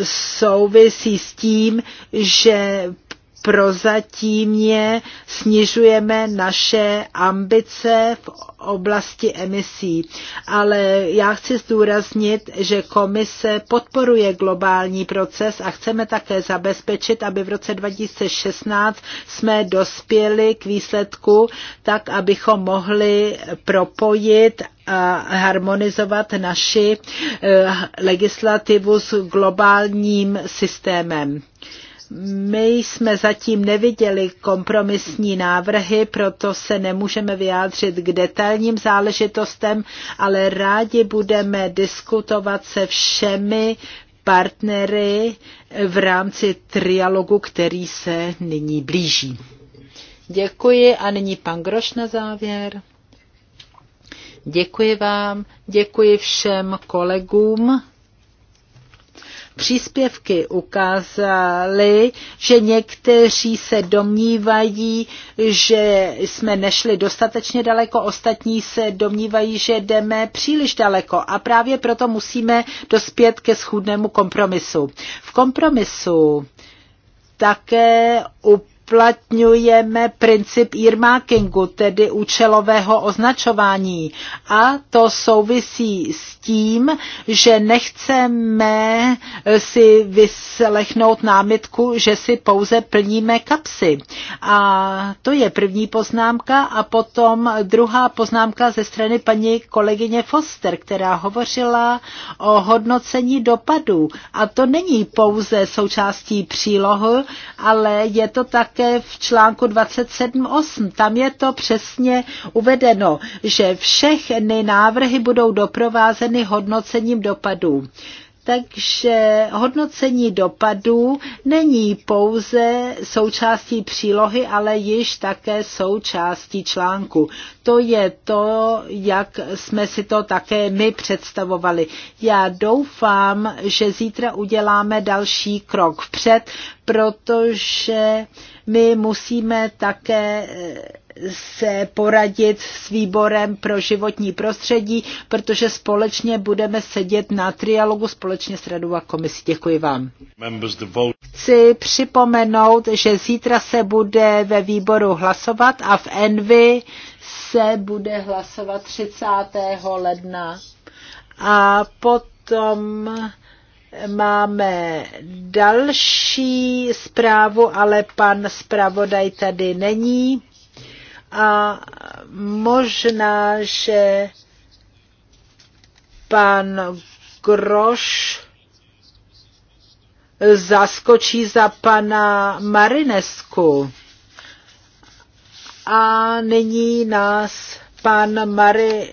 Speaker 3: souvisí s tím, že prozatímně snižujeme naše ambice v oblasti emisí. Ale já chci zdůraznit, že komise podporuje globální proces a chceme také zabezpečit, aby v roce 2016 jsme dospěli k výsledku tak, abychom mohli propojit a harmonizovat naši eh, legislativu s globálním systémem. My jsme zatím neviděli kompromisní návrhy, proto se nemůžeme vyjádřit k detailním záležitostem, ale rádi budeme diskutovat se všemi partnery v rámci trialogu, který se nyní blíží. Děkuji a nyní pan Groš na závěr. Děkuji vám, děkuji všem kolegům příspěvky ukázaly, že někteří se domnívají, že jsme nešli dostatečně daleko, ostatní se domnívají, že jdeme příliš daleko a právě proto musíme dospět ke schůdnému kompromisu. V kompromisu také up uplatňujeme princip earmarkingu, tedy účelového označování. A to souvisí s tím, že nechceme si vyslechnout námitku, že si pouze plníme kapsy. A to je první poznámka. A potom druhá poznámka ze strany paní kolegyně Foster, která hovořila o hodnocení dopadů. A to není pouze součástí přílohy, ale je to tak také v článku 27.8. Tam je to přesně uvedeno, že všechny návrhy budou doprovázeny hodnocením dopadů. Takže hodnocení dopadů není pouze součástí přílohy, ale již také součástí článku. To je to, jak jsme si to také my představovali. Já doufám, že zítra uděláme další krok vpřed, protože my musíme také se poradit s výborem pro životní prostředí, protože společně budeme sedět na trialogu společně s radou a komisí. Děkuji vám. Chci připomenout, že zítra se bude ve výboru hlasovat a v Envy se bude hlasovat 30. ledna. A potom máme další zprávu, ale pan zpravodaj tady není a možná, že pan Groš zaskočí za pana Marinesku. A nyní nás pan, Mari,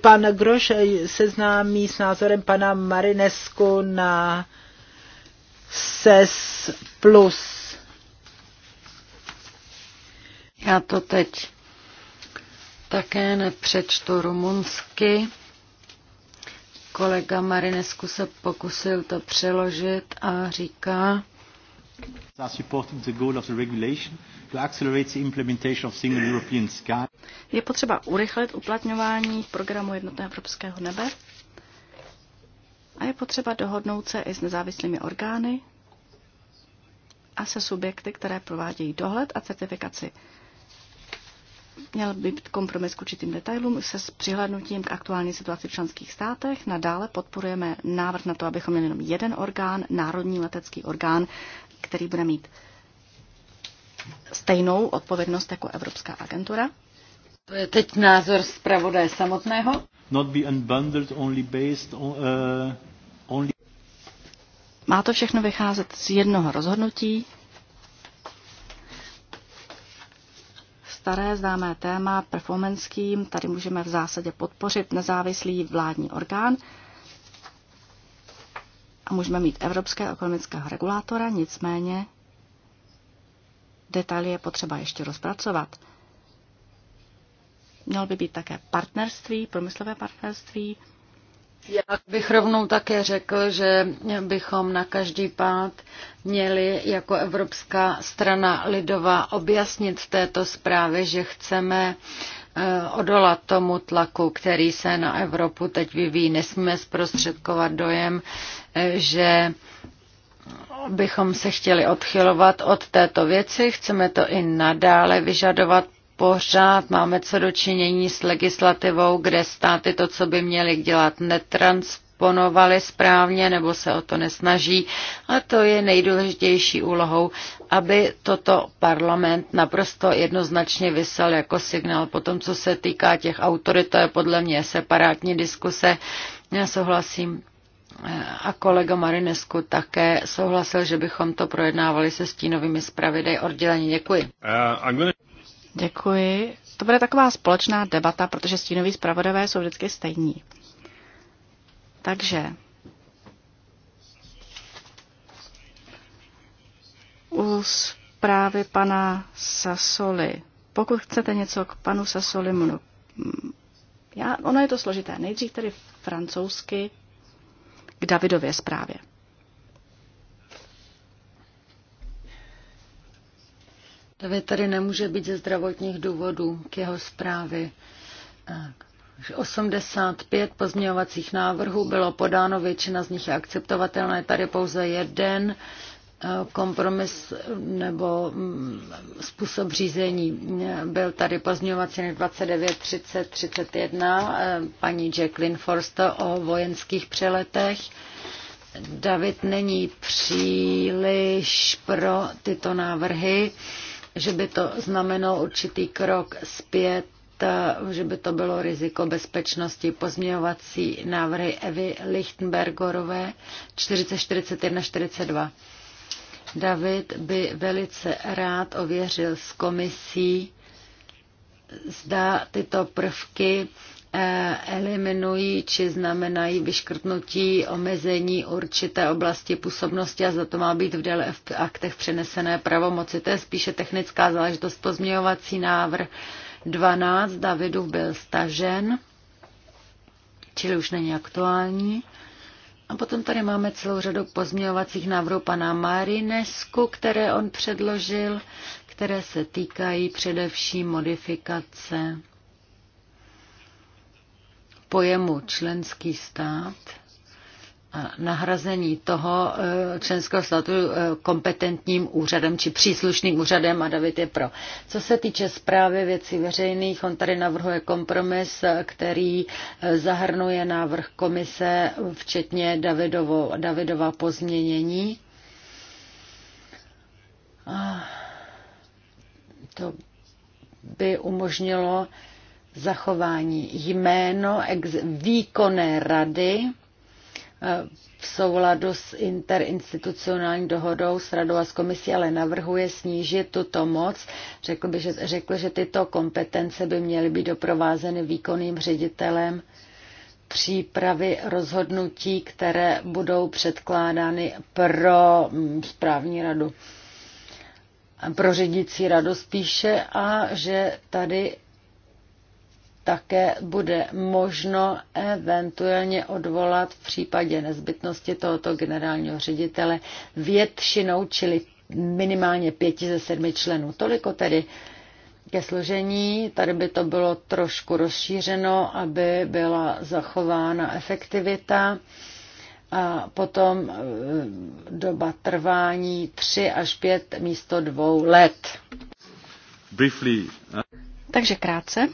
Speaker 3: pan Groš seznámí s názorem pana Marinesku na SES+. Plus.
Speaker 2: Já to teď také nepřečtu rumunsky. Kolega Marinesku se pokusil to přeložit
Speaker 1: a říká, je potřeba urychlit uplatňování programu Jednotného evropského nebe a je potřeba dohodnout se i s nezávislými orgány a se subjekty, které provádějí dohled a certifikaci Měl by být kompromis k určitým detailům se s přihlednutím k aktuální situaci v členských státech. Nadále podporujeme návrh na to, abychom měli jenom jeden orgán, národní letecký orgán, který bude mít stejnou odpovědnost jako Evropská agentura.
Speaker 2: To je teď názor zpravodaje samotného.
Speaker 3: Not be unbundled only based on, uh, only...
Speaker 1: Má to všechno vycházet z jednoho rozhodnutí, staré známé téma performanským, Tady můžeme v zásadě podpořit nezávislý vládní orgán a můžeme mít evropské ekonomického regulátora, nicméně detaily je potřeba ještě rozpracovat. Mělo by být také partnerství, promyslové partnerství, já bych rovnou také řekl, že bychom na
Speaker 2: každý pád měli jako Evropská strana lidová objasnit této zprávě, že chceme eh, odolat tomu tlaku, který se na Evropu teď vyvíjí. Nesmíme zprostředkovat dojem, eh, že bychom se chtěli odchylovat od této věci, chceme to i nadále vyžadovat pořád máme co dočinění s legislativou, kde státy to, co by měly dělat, netransponovaly správně nebo se o to nesnaží. A to je nejdůležitější úlohou, aby toto parlament naprosto jednoznačně vysel jako signál. Potom, co se týká těch autorit, to je podle mě separátní diskuse. Já souhlasím eh, a kolega Marinesku
Speaker 1: také souhlasil, že bychom to projednávali se stínovými zpravidly odděleně. Děkuji.
Speaker 3: Uh,
Speaker 1: Děkuji. To bude taková společná debata, protože stínoví zpravodové jsou vždycky stejní. Takže u zprávy pana Sasoli. Pokud chcete něco k panu Sasolimunu, no, já, ono je to složité. Nejdřív tedy francouzsky k Davidově zprávě. David tady
Speaker 2: nemůže být ze zdravotních důvodů k jeho zprávě. 85 pozměňovacích návrhů bylo podáno, většina z nich je akceptovatelná, je tady pouze jeden eh, kompromis nebo mm, způsob řízení. Byl tady pozměňovací 29, 30, 31, paní Jacqueline Forster o vojenských přeletech. David není příliš pro tyto návrhy že by to znamenalo určitý krok zpět eh, že by to bylo riziko bezpečnosti. Pozměňovací návrhy Evy Lichtenbergerové 4041 42. David by velice rád ověřil s komisí, zda tyto prvky Eh, eliminují či znamenají vyškrtnutí omezení určité oblasti působnosti a za to má být v, dele, v aktech přenesené pravomoci. To je spíše technická záležitost. Pozměňovací návrh 12 Davidův byl stažen, čili už není aktuální. A potom tady máme celou řadu pozměňovacích návrhů pana Marinesku, které on předložil, které se týkají především modifikace pojemu členský stát a nahrazení toho eh, členského státu eh, kompetentním úřadem či příslušným úřadem a David je pro. Co se týče zprávy věcí veřejných, on tady navrhuje kompromis, který eh, zahrnuje návrh komise, včetně Davidovo, Davidova pozměnění. To by umožnilo zachování jméno výkonné rady eh, v souladu s interinstitucionální dohodou s radou a s komisí, ale navrhuje snížit tuto moc. Řekl, by, že, řekl, že tyto kompetence by měly být doprovázeny výkonným ředitelem přípravy rozhodnutí, které budou předkládány pro mm, správní radu, pro řídící radu spíše a že tady také bude možno eventuálně odvolat v případě nezbytnosti tohoto generálního ředitele většinou, čili minimálně pěti ze sedmi členů. Toliko tedy ke složení. Tady by to bylo trošku rozšířeno, aby byla zachována efektivita a potom e, doba trvání 3 až 5 místo dvou let.
Speaker 3: Briefly. Eh.
Speaker 1: Takže krátce.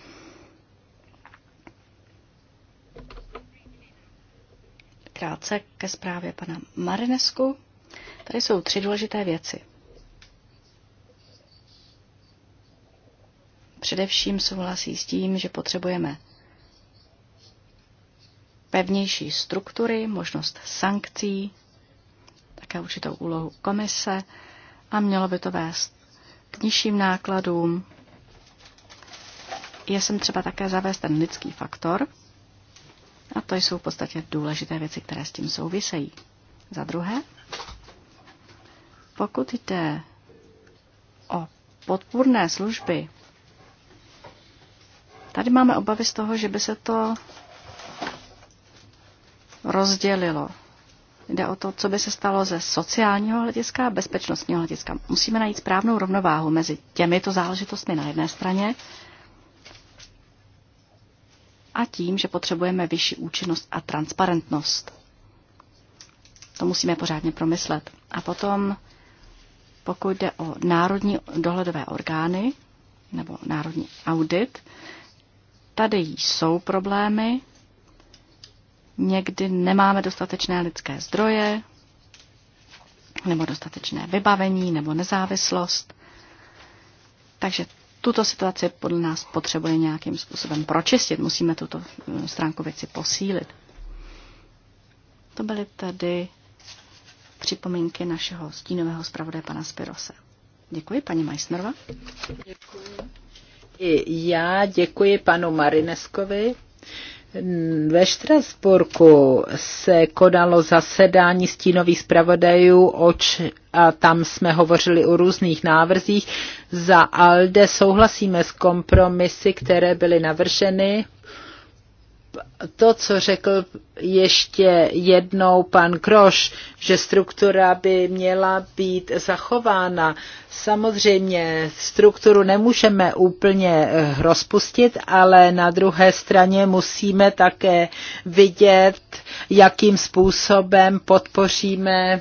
Speaker 1: krátce ke zprávě pana Marinesku. Tady jsou tři důležité věci. Především souhlasí s tím, že potřebujeme pevnější struktury, možnost sankcí, také určitou úlohu komise a mělo by to vést k nižším nákladům. Je sem třeba také zavést ten lidský faktor, a to jsou v podstatě důležité věci, které s tím souvisejí. Za druhé, pokud jde o podpůrné služby, tady máme obavy z toho, že by se to rozdělilo. Jde o to, co by se stalo ze sociálního hlediska a bezpečnostního hlediska. Musíme najít správnou rovnováhu mezi těmito záležitostmi na jedné straně a tím, že potřebujeme vyšší účinnost a transparentnost. To musíme pořádně promyslet. A potom, pokud jde o národní dohledové orgány nebo národní audit, tady jsou problémy. Někdy nemáme dostatečné lidské zdroje, nebo dostatečné vybavení, nebo nezávislost. Takže tuto situaci podle nás potřebuje nějakým způsobem pročistit. Musíme tuto mm, stránku věci posílit. To byly tedy připomínky našeho stínového zpravodaje pana Spirose. Děkuji, paní Majsnerva. Děkuji.
Speaker 3: I já děkuji panu Marineskovi ve Štrasburku se konalo zasedání stínových zpravodajů oč a tam jsme hovořili o různých návrzích. Za ALDE souhlasíme s kompromisy, které byly navrženy to, co řekl ještě jednou pan Kroš, že struktura by měla být zachována. Samozřejmě strukturu nemůžeme úplně eh, rozpustit, ale na druhé straně musíme také vidět, jakým způsobem podpoříme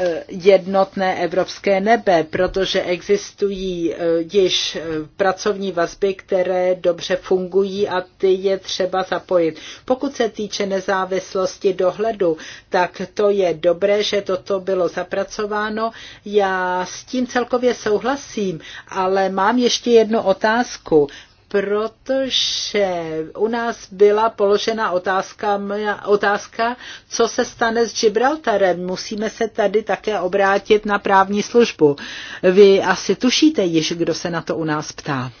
Speaker 3: Eh, jednotné evropské nebe, protože existují eh, již eh, pracovní vazby, které dobře fungují a ty je třeba zapojit. Pokud se týče nezávislosti dohledu, tak to je dobré, že toto bylo zapracováno. Já s tím celkově souhlasím, ale mám ještě jednu otázku protože u nás byla položena otázka, otázka, co se stane s Gibraltarem. Musíme se tady také obrátit na právní službu. Vy asi tušíte již, kdo se na to u nás ptá.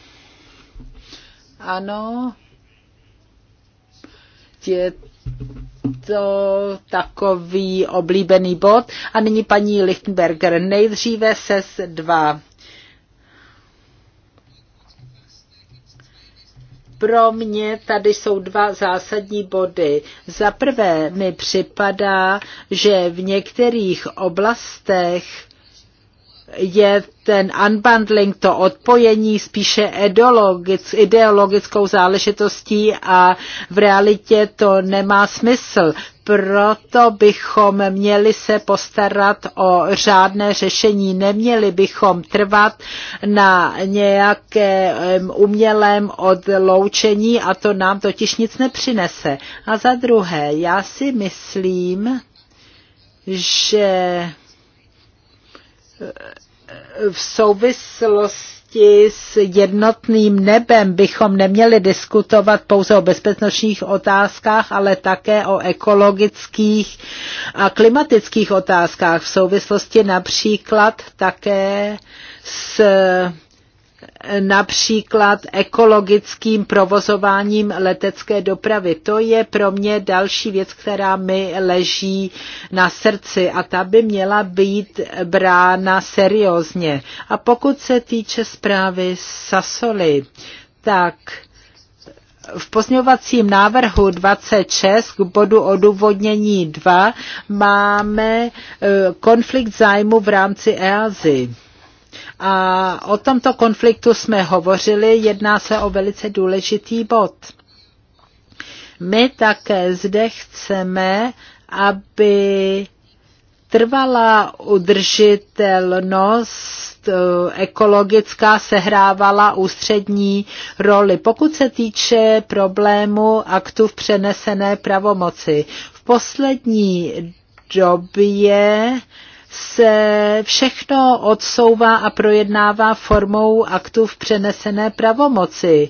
Speaker 3: Ano, je to takový oblíbený bod. A nyní paní Lichtenberger. Nejdříve SES 2. pro mě tady jsou dva zásadní body. Za prvé mi připadá, že v některých oblastech je ten unbundling, to odpojení spíše ideologickou záležitostí a v realitě to nemá smysl. Proto bychom měli se postarat o řádné řešení. Neměli bychom trvat na nějakém umělém odloučení a to nám totiž nic nepřinese. A za druhé, já si myslím, že v souvislosti s jednotným nebem bychom neměli diskutovat pouze o bezpečnostních otázkách, ale také o ekologických a klimatických otázkách v souvislosti například také s například ekologickým provozováním letecké dopravy. To je pro mě další věc, která mi leží na srdci a ta by měla být brána seriózně. A pokud se týče zprávy Sasoli, tak v pozňovacím návrhu 26 k bodu odůvodnění 2 máme eh, konflikt zájmu v rámci EASY. A o tomto konfliktu jsme hovořili, jedná se o velice důležitý bod. My také zde chceme, aby trvalá udržitelnost eh, ekologická sehrávala ústřední roli. Pokud se týče problému aktu v přenesené pravomoci, v poslední době se všechno odsouvá a projednává formou aktů v přenesené pravomoci.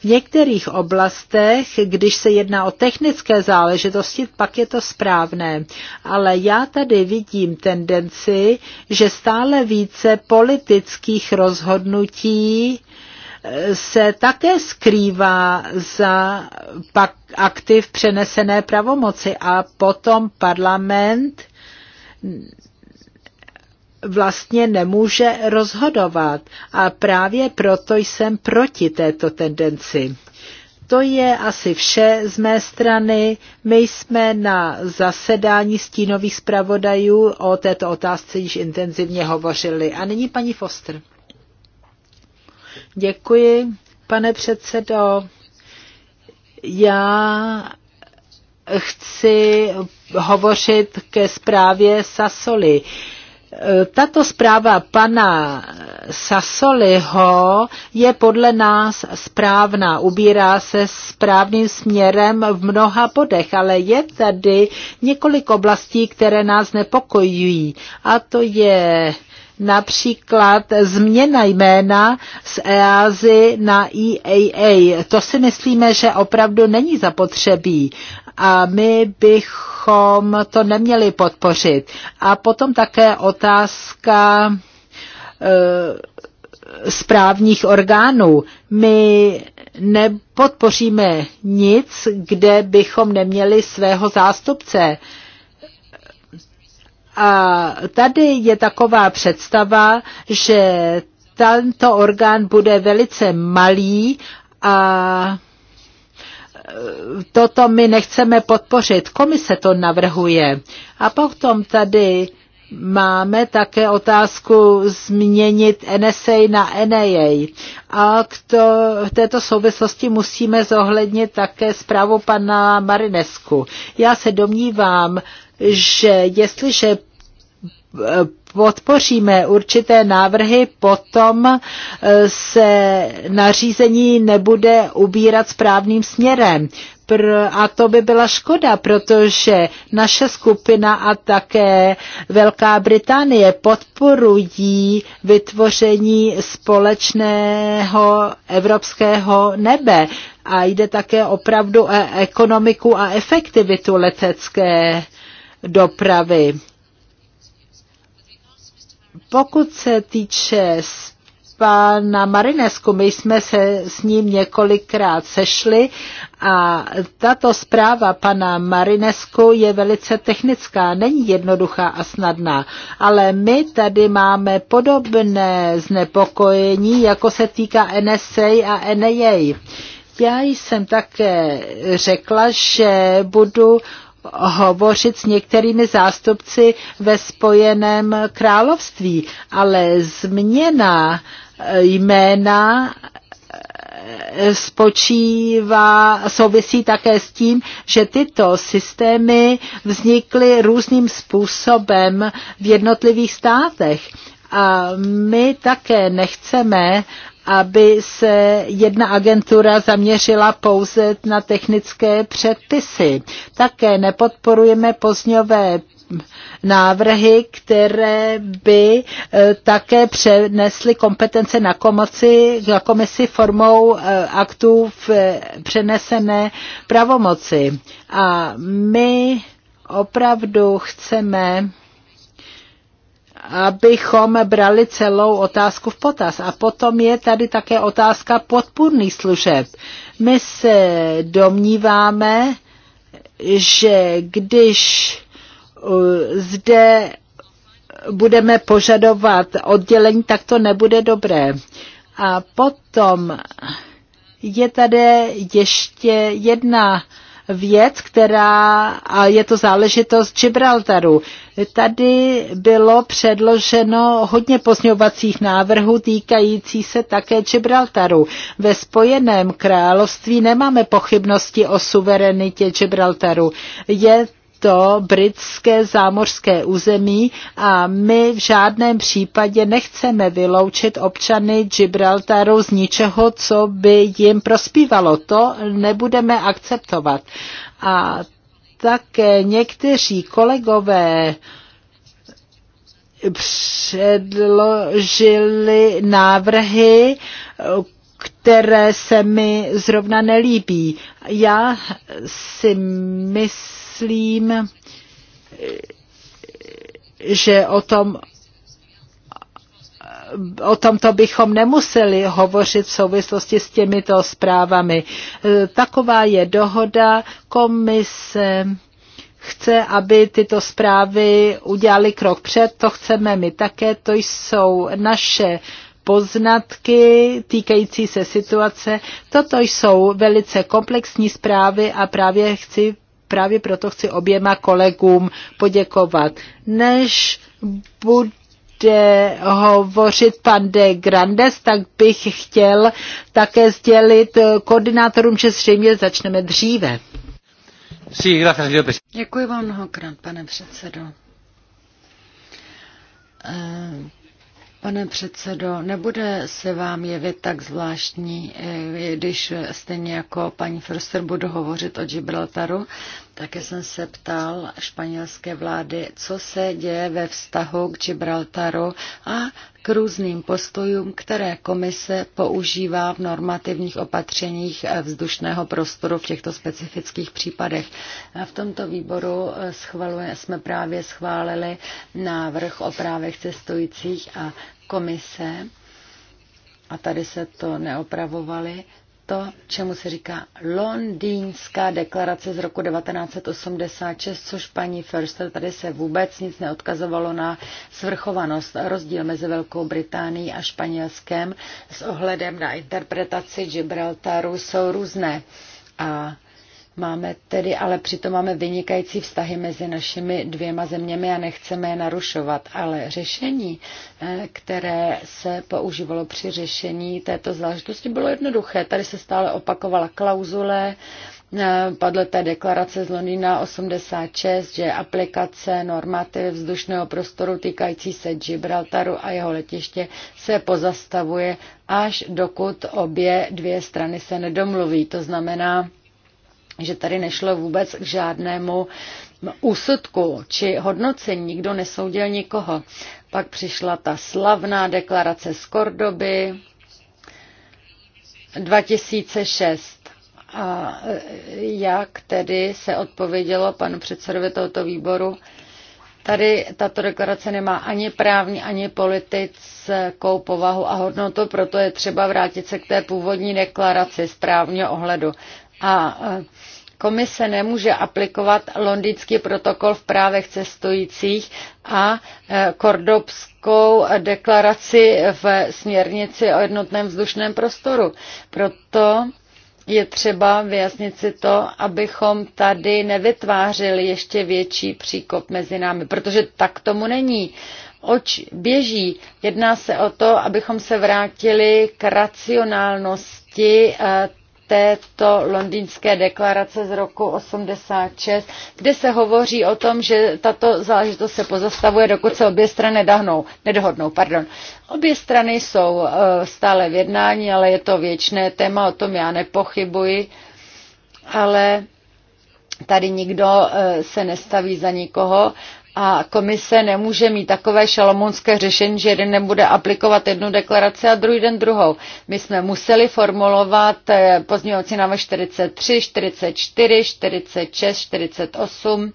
Speaker 3: V některých oblastech, když se jedná o technické záležitosti, pak je to správné. Ale já tady vidím tendenci, že stále více politických rozhodnutí eh, se také skrývá za pak aktiv přenesené pravomoci a potom parlament vlastně nemůže rozhodovat. A právě proto jsem proti této tendenci. To je asi vše z mé strany. My jsme na zasedání stínových zpravodajů o této otázce již intenzivně hovořili. A nyní paní Foster. Děkuji, pane předsedo. Já chci hovořit ke zprávě Sasoli. Uh, tato zpráva pana Sasoliho je podle nás správná, ubírá se správným směrem v mnoha bodech, ale je tady několik oblastí, které nás nepokojují. A to je například změna jména z EASY na EAA. To si myslíme, že opravdu není zapotřebí a my bychom to neměli podpořit. A potom také otázka e, správních orgánů. My nepodpoříme nic, kde bychom neměli svého zástupce. A tady je taková představa, že tento orgán bude velice malý a toto my nechceme podpořit. Komise to navrhuje. A potom tady máme také otázku změnit NSA na NAA. A k to, v této souvislosti musíme zohlednit také zprávu pana Marinesku. Já se domnívám, že jestliže podpoříme určité návrhy, potom e, se nařízení nebude ubírat správným směrem. A to by byla škoda, protože naše skupina a také Velká Británie podporují vytvoření společného evropského nebe. A jde také opravdu o ekonomiku a efektivitu letecké dopravy. Pokud se týče pana Marinesku, my jsme se s ním několikrát sešli a tato zpráva pana Marinesku je velice technická, není jednoduchá a snadná, ale my tady máme podobné znepokojení, jako se týká NSA a NAA. Já jsem také řekla, že budu hovořit s některými zástupci ve Spojeném království, ale změna jména eh, spočívá, souvisí také s tím, že tyto systémy vznikly různým způsobem v jednotlivých státech. A my také nechceme, aby se jedna agentura zaměřila pouze na technické předpisy. Také nepodporujeme pozňové návrhy, které by eh, také přenesly kompetence na komisi, na komisi formou eh, aktů v eh, přenesené pravomoci. A my opravdu chceme abychom brali celou otázku v potaz. A potom je tady také otázka podpůrných služeb. My se domníváme, že když uh, zde budeme požadovat oddělení, tak to nebude dobré. A potom je tady ještě jedna věc, která a je to záležitost Gibraltaru. Tady bylo předloženo hodně pozňovacích návrhů týkající se také Gibraltaru. Ve Spojeném království nemáme pochybnosti o suverenitě Gibraltaru. Je to britské zámořské území a my v žádném případě nechceme vyloučit občany Gibraltaru z ničeho, co by jim prospívalo. To nebudeme akceptovat. A také někteří kolegové předložili návrhy, které se mi zrovna nelíbí. Já si myslím, myslím, že o tom o tomto bychom nemuseli hovořit v souvislosti s těmito zprávami. Taková je dohoda komise chce, aby tyto zprávy udělali krok před, to chceme my také, to jsou naše poznatky týkající se situace. Toto jsou velice komplexní zprávy a právě chci právě proto chci oběma kolegům poděkovat. Než bude hovořit pan de Grandes, tak bych chtěl také sdělit koordinátorům, že zřejmě začneme dříve.
Speaker 2: Děkuji vám mnohokrát, pane předsedo. Eh, Pane předsedo, nebude se vám jevit tak zvláštní, eh, když stejně jako paní Förster budu hovořit o Gibraltaru, také jsem se ptal španělské vlády, co se děje ve vztahu k Gibraltaru a k různým postojům, které komise používá v normativních opatřeních vzdušného prostoru v těchto specifických případech. A v tomto výboru eh, schvaluje, jsme právě schválili návrh o právech cestujících a komise, a tady se to neopravovali, to, čemu se říká Londýnská deklarace z roku 1986, což paní Förster tady se vůbec nic neodkazovalo na svrchovanost. Rozdíl mezi Velkou Británií a Španělskem s ohledem na interpretaci Gibraltaru jsou různé. A Máme tedy, ale přitom máme vynikající vztahy mezi našimi dvěma zeměmi a nechceme je narušovat. Ale řešení, eh, které se používalo při řešení této záležitosti, bylo jednoduché. Tady se stále opakovala klauzule, eh, padla ta deklarace z Londýna 86, že aplikace normativy vzdušného prostoru týkající se Gibraltaru a jeho letiště se pozastavuje, až dokud obě dvě strany se nedomluví. To znamená, že tady nešlo vůbec k žádnému úsudku či hodnocení, nikdo nesoudil nikoho. Pak přišla ta slavná deklarace z Kordoby 2006. A eh, jak tedy se odpovědělo panu předsedovi tohoto výboru? Tady tato deklarace nemá ani právní, ani politickou povahu a hodnotu, proto je třeba vrátit se k té původní deklaraci z právního ohledu. A e, komise nemůže aplikovat londýnský protokol v právech cestujících a e, kordobskou deklaraci v směrnici o jednotném vzdušném prostoru. Proto je třeba vyjasnit si to, abychom tady nevytvářeli ještě větší příkop mezi námi, protože tak tomu není. Oč běží. Jedná se o to, abychom se vrátili k racionálnosti e, této londýnské deklarace z roku 86, kde se hovoří o tom, že tato záležitost se pozastavuje, dokud se obě strany nedahnou, nedohodnou. Pardon. Obě strany jsou eh, stále v jednání, ale je to věčné téma, o tom já nepochybuji, ale tady nikdo eh, se nestaví za nikoho a komise nemůže mít takové šalamounské řešení, že jeden nebude aplikovat jednu deklaraci a druhý den druhou. My jsme museli formulovat eh, pozdějovací návrh 43, 44, 46, 48,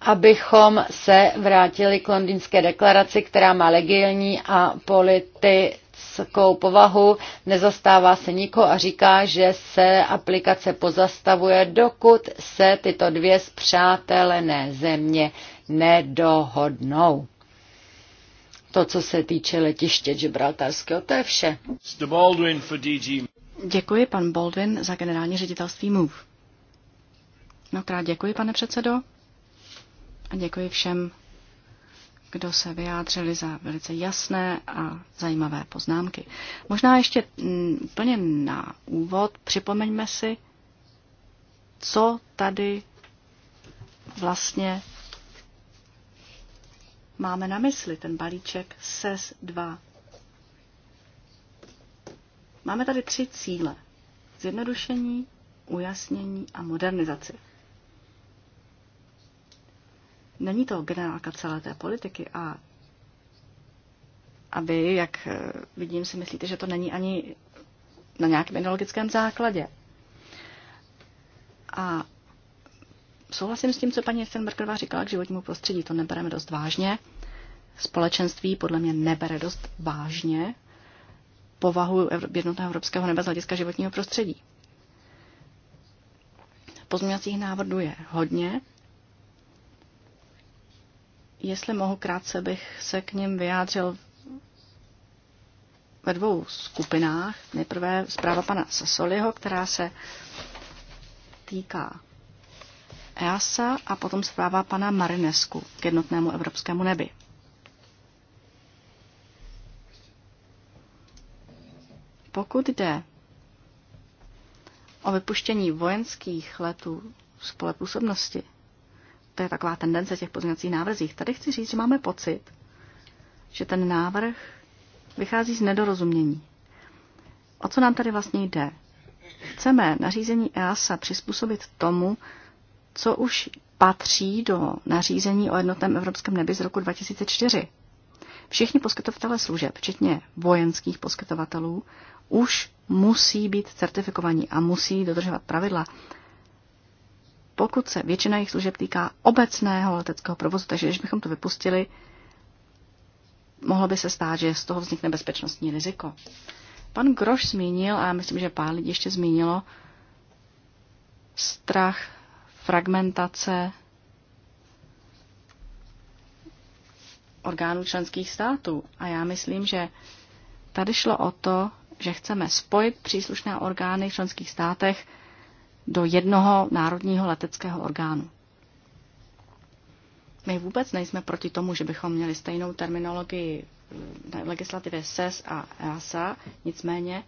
Speaker 2: abychom se vrátili k londýnské deklaraci, která má legální a politické politickou povahu, nezastává se nikoho a říká, že se aplikace pozastavuje, dokud se tyto dvě zpřátelené země nedohodnou. To, co se týče letiště Gibraltarského, to je vše.
Speaker 1: Děkuji, pan Baldwin, za generální ředitelství MOVE. krát děkuji, pane předsedo, a děkuji všem kdo se vyjádřili za velice jasné a zajímavé poznámky. Možná ještě mm, úplně na úvod připomeňme si, co tady vlastně máme na mysli, ten balíček SES 2. Máme tady tři cíle. Zjednodušení, ujasnění a modernizaci. Není to generálka celé té politiky a a vy, jak eh, vidím, si myslíte, že to není ani na nějakém ideologickém základě. A souhlasím s tím, co paní Stenbergerová říkala k životnímu prostředí. To nebereme dost vážně. Společenství podle mě nebere dost vážně povahu jednotného evropského nebe z hlediska životního prostředí. Pozměňovacích návrhů je hodně, Jestli mohu, krátce bych se k ním vyjádřil ve dvou skupinách. Nejprve zpráva pana Sasoliho, která se týká EASA a potom zpráva pana Marinesku k jednotnému evropskému nebi. Pokud jde o vypuštění vojenských letů spolepůsobnosti, to je taková tendence těch pozměňovacích návrzích. Tady chci říct, že máme pocit, že ten návrh vychází z nedorozumění. O co nám tady vlastně jde? Chceme nařízení EASA přizpůsobit tomu, co už patří do nařízení o jednotném evropském nebi z roku 2004. Všichni poskytovatelé služeb, včetně vojenských poskytovatelů, už musí být certifikovaní a musí dodržovat pravidla, pokud se většina jejich služeb týká obecného leteckého provozu, takže když bychom to vypustili, mohlo by se stát, že z toho vznikne bezpečnostní riziko. Pan Groš zmínil, a já myslím, že pár lidí ještě zmínilo, strach, fragmentace orgánů členských států. A já myslím, že tady šlo o to, že chceme spojit příslušné orgány v členských státech do jednoho národního leteckého orgánu. My vůbec nejsme proti tomu, že bychom měli stejnou terminologii na legislativě SES e a EASA, nicméně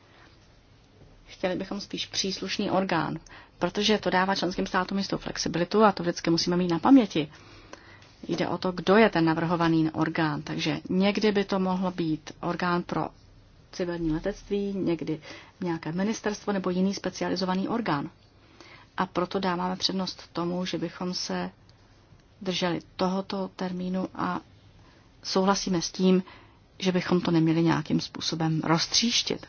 Speaker 1: chtěli bychom spíš příslušný orgán, protože to dává členským státům jistou flexibilitu a to vždycky musíme mít na paměti. Jde o to, kdo je ten navrhovaný orgán, takže někdy by to mohlo být orgán pro civilní letectví, někdy nějaké ministerstvo nebo jiný specializovaný orgán a proto dáváme přednost tomu, že bychom se drželi tohoto termínu a souhlasíme s tím, že bychom to neměli nějakým způsobem roztříštit.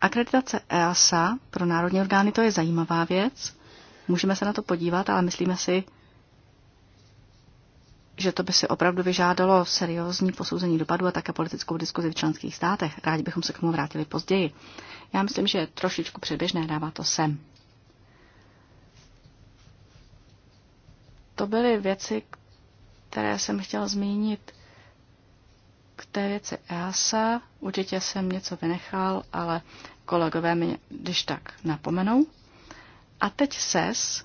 Speaker 1: Akreditace EASA pro národní orgány to je zajímavá věc. Můžeme se na to podívat, ale myslíme si, že to by si opravdu vyžádalo seriózní posouzení dopadu a také politickou diskuzi v členských státech. Rádi bychom se k tomu vrátili později. Já myslím, že trošičku předběžné dává to sem. To byly věci, které jsem chtěla zmínit k té věci EASA. Určitě jsem něco vynechal, ale kolegové mi když tak napomenou. A teď SES. E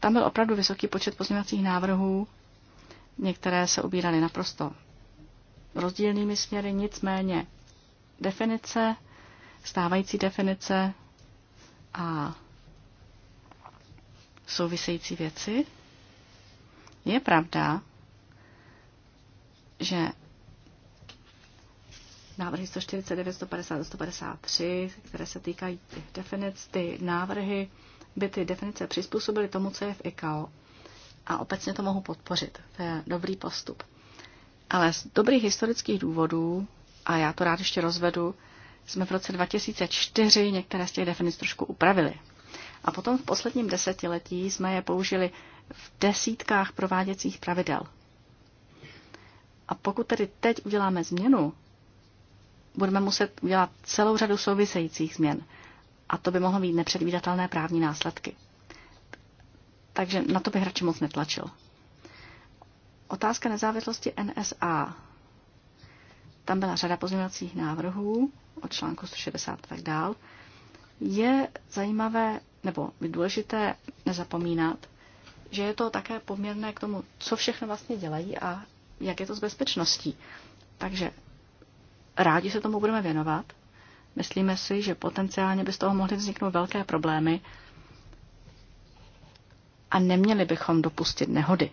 Speaker 1: Tam byl opravdu vysoký počet pozměňovacích návrhů. Některé se ubíraly naprosto rozdílnými směry, nicméně definice, stávající definice a související věci. Je pravda, že návrhy 149, 150 153, které se týkají definic, ty návrhy by ty definice přizpůsobily tomu, co je v ICAO. A obecně to mohu podpořit. To je dobrý postup. Ale z dobrých historických důvodů, a já to rád ještě rozvedu, jsme v roce 2004 některé z těch definic trošku upravili. A potom v posledním desetiletí jsme je použili v desítkách prováděcích pravidel. A pokud tedy teď uděláme změnu, budeme muset udělat celou řadu souvisejících změn. A to by mohlo mít nepředvídatelné právní následky. Takže na to bych radši moc netlačil. Otázka nezávislosti NSA. Tam byla řada pozměňovacích návrhů od článku 160 a tak dál. Je zajímavé nebo je důležité nezapomínat, že je to také poměrné k tomu, co všechno vlastně dělají a jak je to s bezpečností. Takže rádi se tomu budeme věnovat. Myslíme si, že potenciálně by z toho mohly vzniknout velké problémy a neměli bychom dopustit nehody.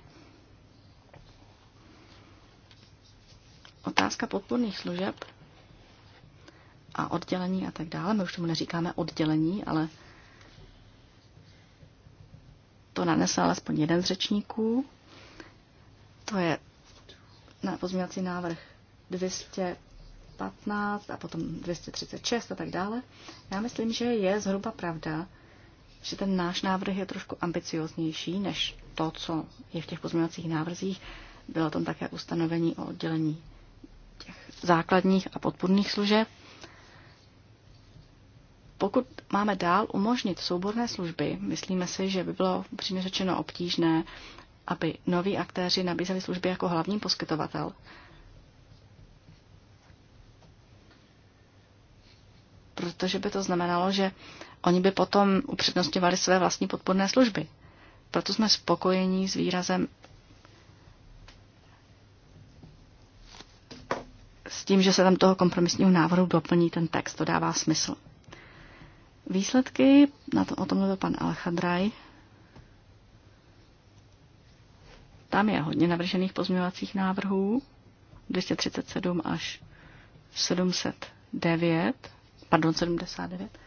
Speaker 1: Otázka podporných služeb a oddělení a tak dále. My už tomu neříkáme oddělení, ale to nanesl alespoň jeden z řečníků. To je na pozměňovací návrh 215 a potom 236 a tak dále. Já myslím, že je zhruba pravda, že ten náš návrh je trošku ambicioznější než to, co je v těch pozměňovacích návrzích. Bylo tam také ustanovení o oddělení těch základních a podpůrných služeb. Pokud máme dál umožnit souborné služby, myslíme si, že by bylo přímě řečeno obtížné, aby noví aktéři nabízeli služby jako hlavní poskytovatel. Protože by to znamenalo, že oni by potom upřednostňovali své vlastní podporné služby. Proto jsme spokojení s výrazem s tím, že se tam toho kompromisního návrhu doplní ten text. To dává smysl. Výsledky, na to, o tom mluvil pan Alchadraj, tam je hodně navržených pozměňovacích návrhů, 237 až 709, pardon, 79.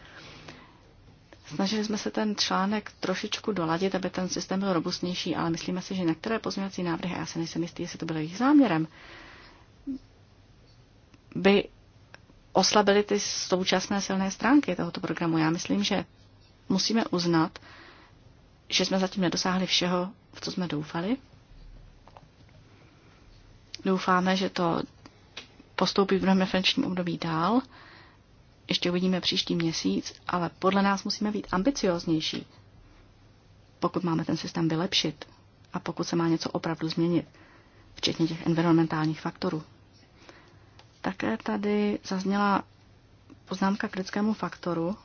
Speaker 1: Snažili jsme se ten článek trošičku doladit, aby ten systém byl robustnější, ale myslíme si, že některé pozměňovací návrhy, já se nejsem jistý, jestli to bylo jejich záměrem, by oslabili ty současné silné stránky tohoto programu. Já myslím, že musíme uznat, že jsme zatím nedosáhli všeho, v co jsme doufali. Doufáme, že to postoupí v novém finančním období dál. Ještě uvidíme příští měsíc, ale podle nás musíme být ambicioznější, pokud máme ten systém vylepšit a pokud se má něco opravdu změnit, včetně těch environmentálních faktorů. Také tady zazněla poznámka k lidskému faktoru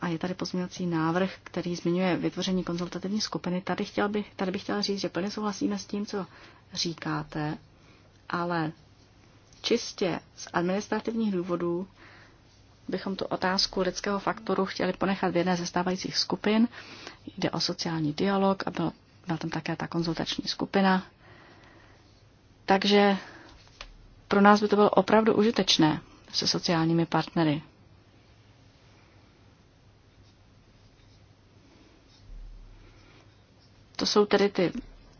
Speaker 1: a je tady pozměňovací návrh, který zmiňuje vytvoření konzultativní skupiny. Tady, chtěl bych, tady bych chtěla říct, že plně souhlasíme s tím, co říkáte, ale čistě z administrativních důvodů bychom tu otázku lidského faktoru chtěli ponechat v jedné ze stávajících skupin. Jde o sociální dialog a byla tam také ta konzultační skupina. Takže pro nás by to bylo opravdu užitečné se sociálními partnery. To jsou tedy ty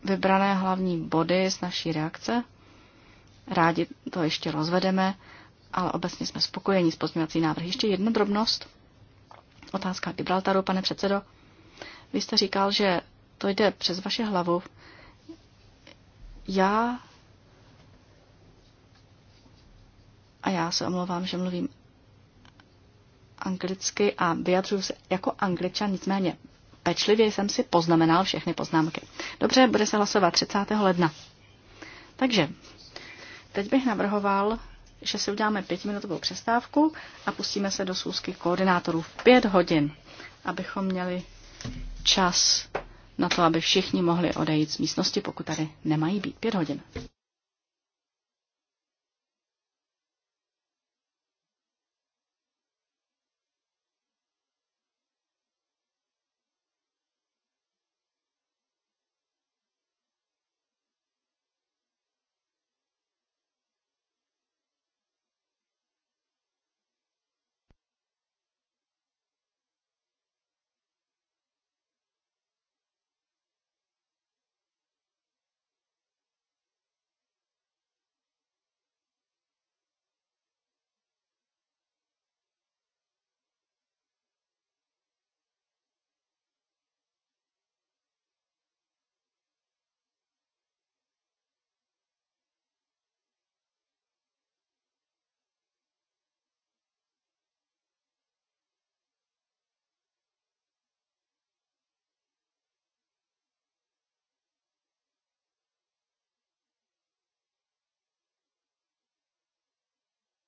Speaker 1: vybrané hlavní body z naší reakce. Rádi to ještě rozvedeme, ale obecně jsme spokojeni s pozměňovací návrhy. Ještě jedna drobnost. Otázka Gibraltaru, pane předsedo. Vy jste říkal, že to jde přes vaše hlavu. Já a já se omlouvám, že mluvím anglicky a vyjadřuju se jako angličan, nicméně pečlivě jsem si poznamenal všechny poznámky. Dobře, bude se hlasovat 30. ledna. Takže teď bych navrhoval, že si uděláme pětiminutovou přestávku a pustíme se do sůzky koordinátorů v pět hodin, abychom měli čas na to, aby všichni mohli odejít z místnosti, pokud tady nemají být pět hodin.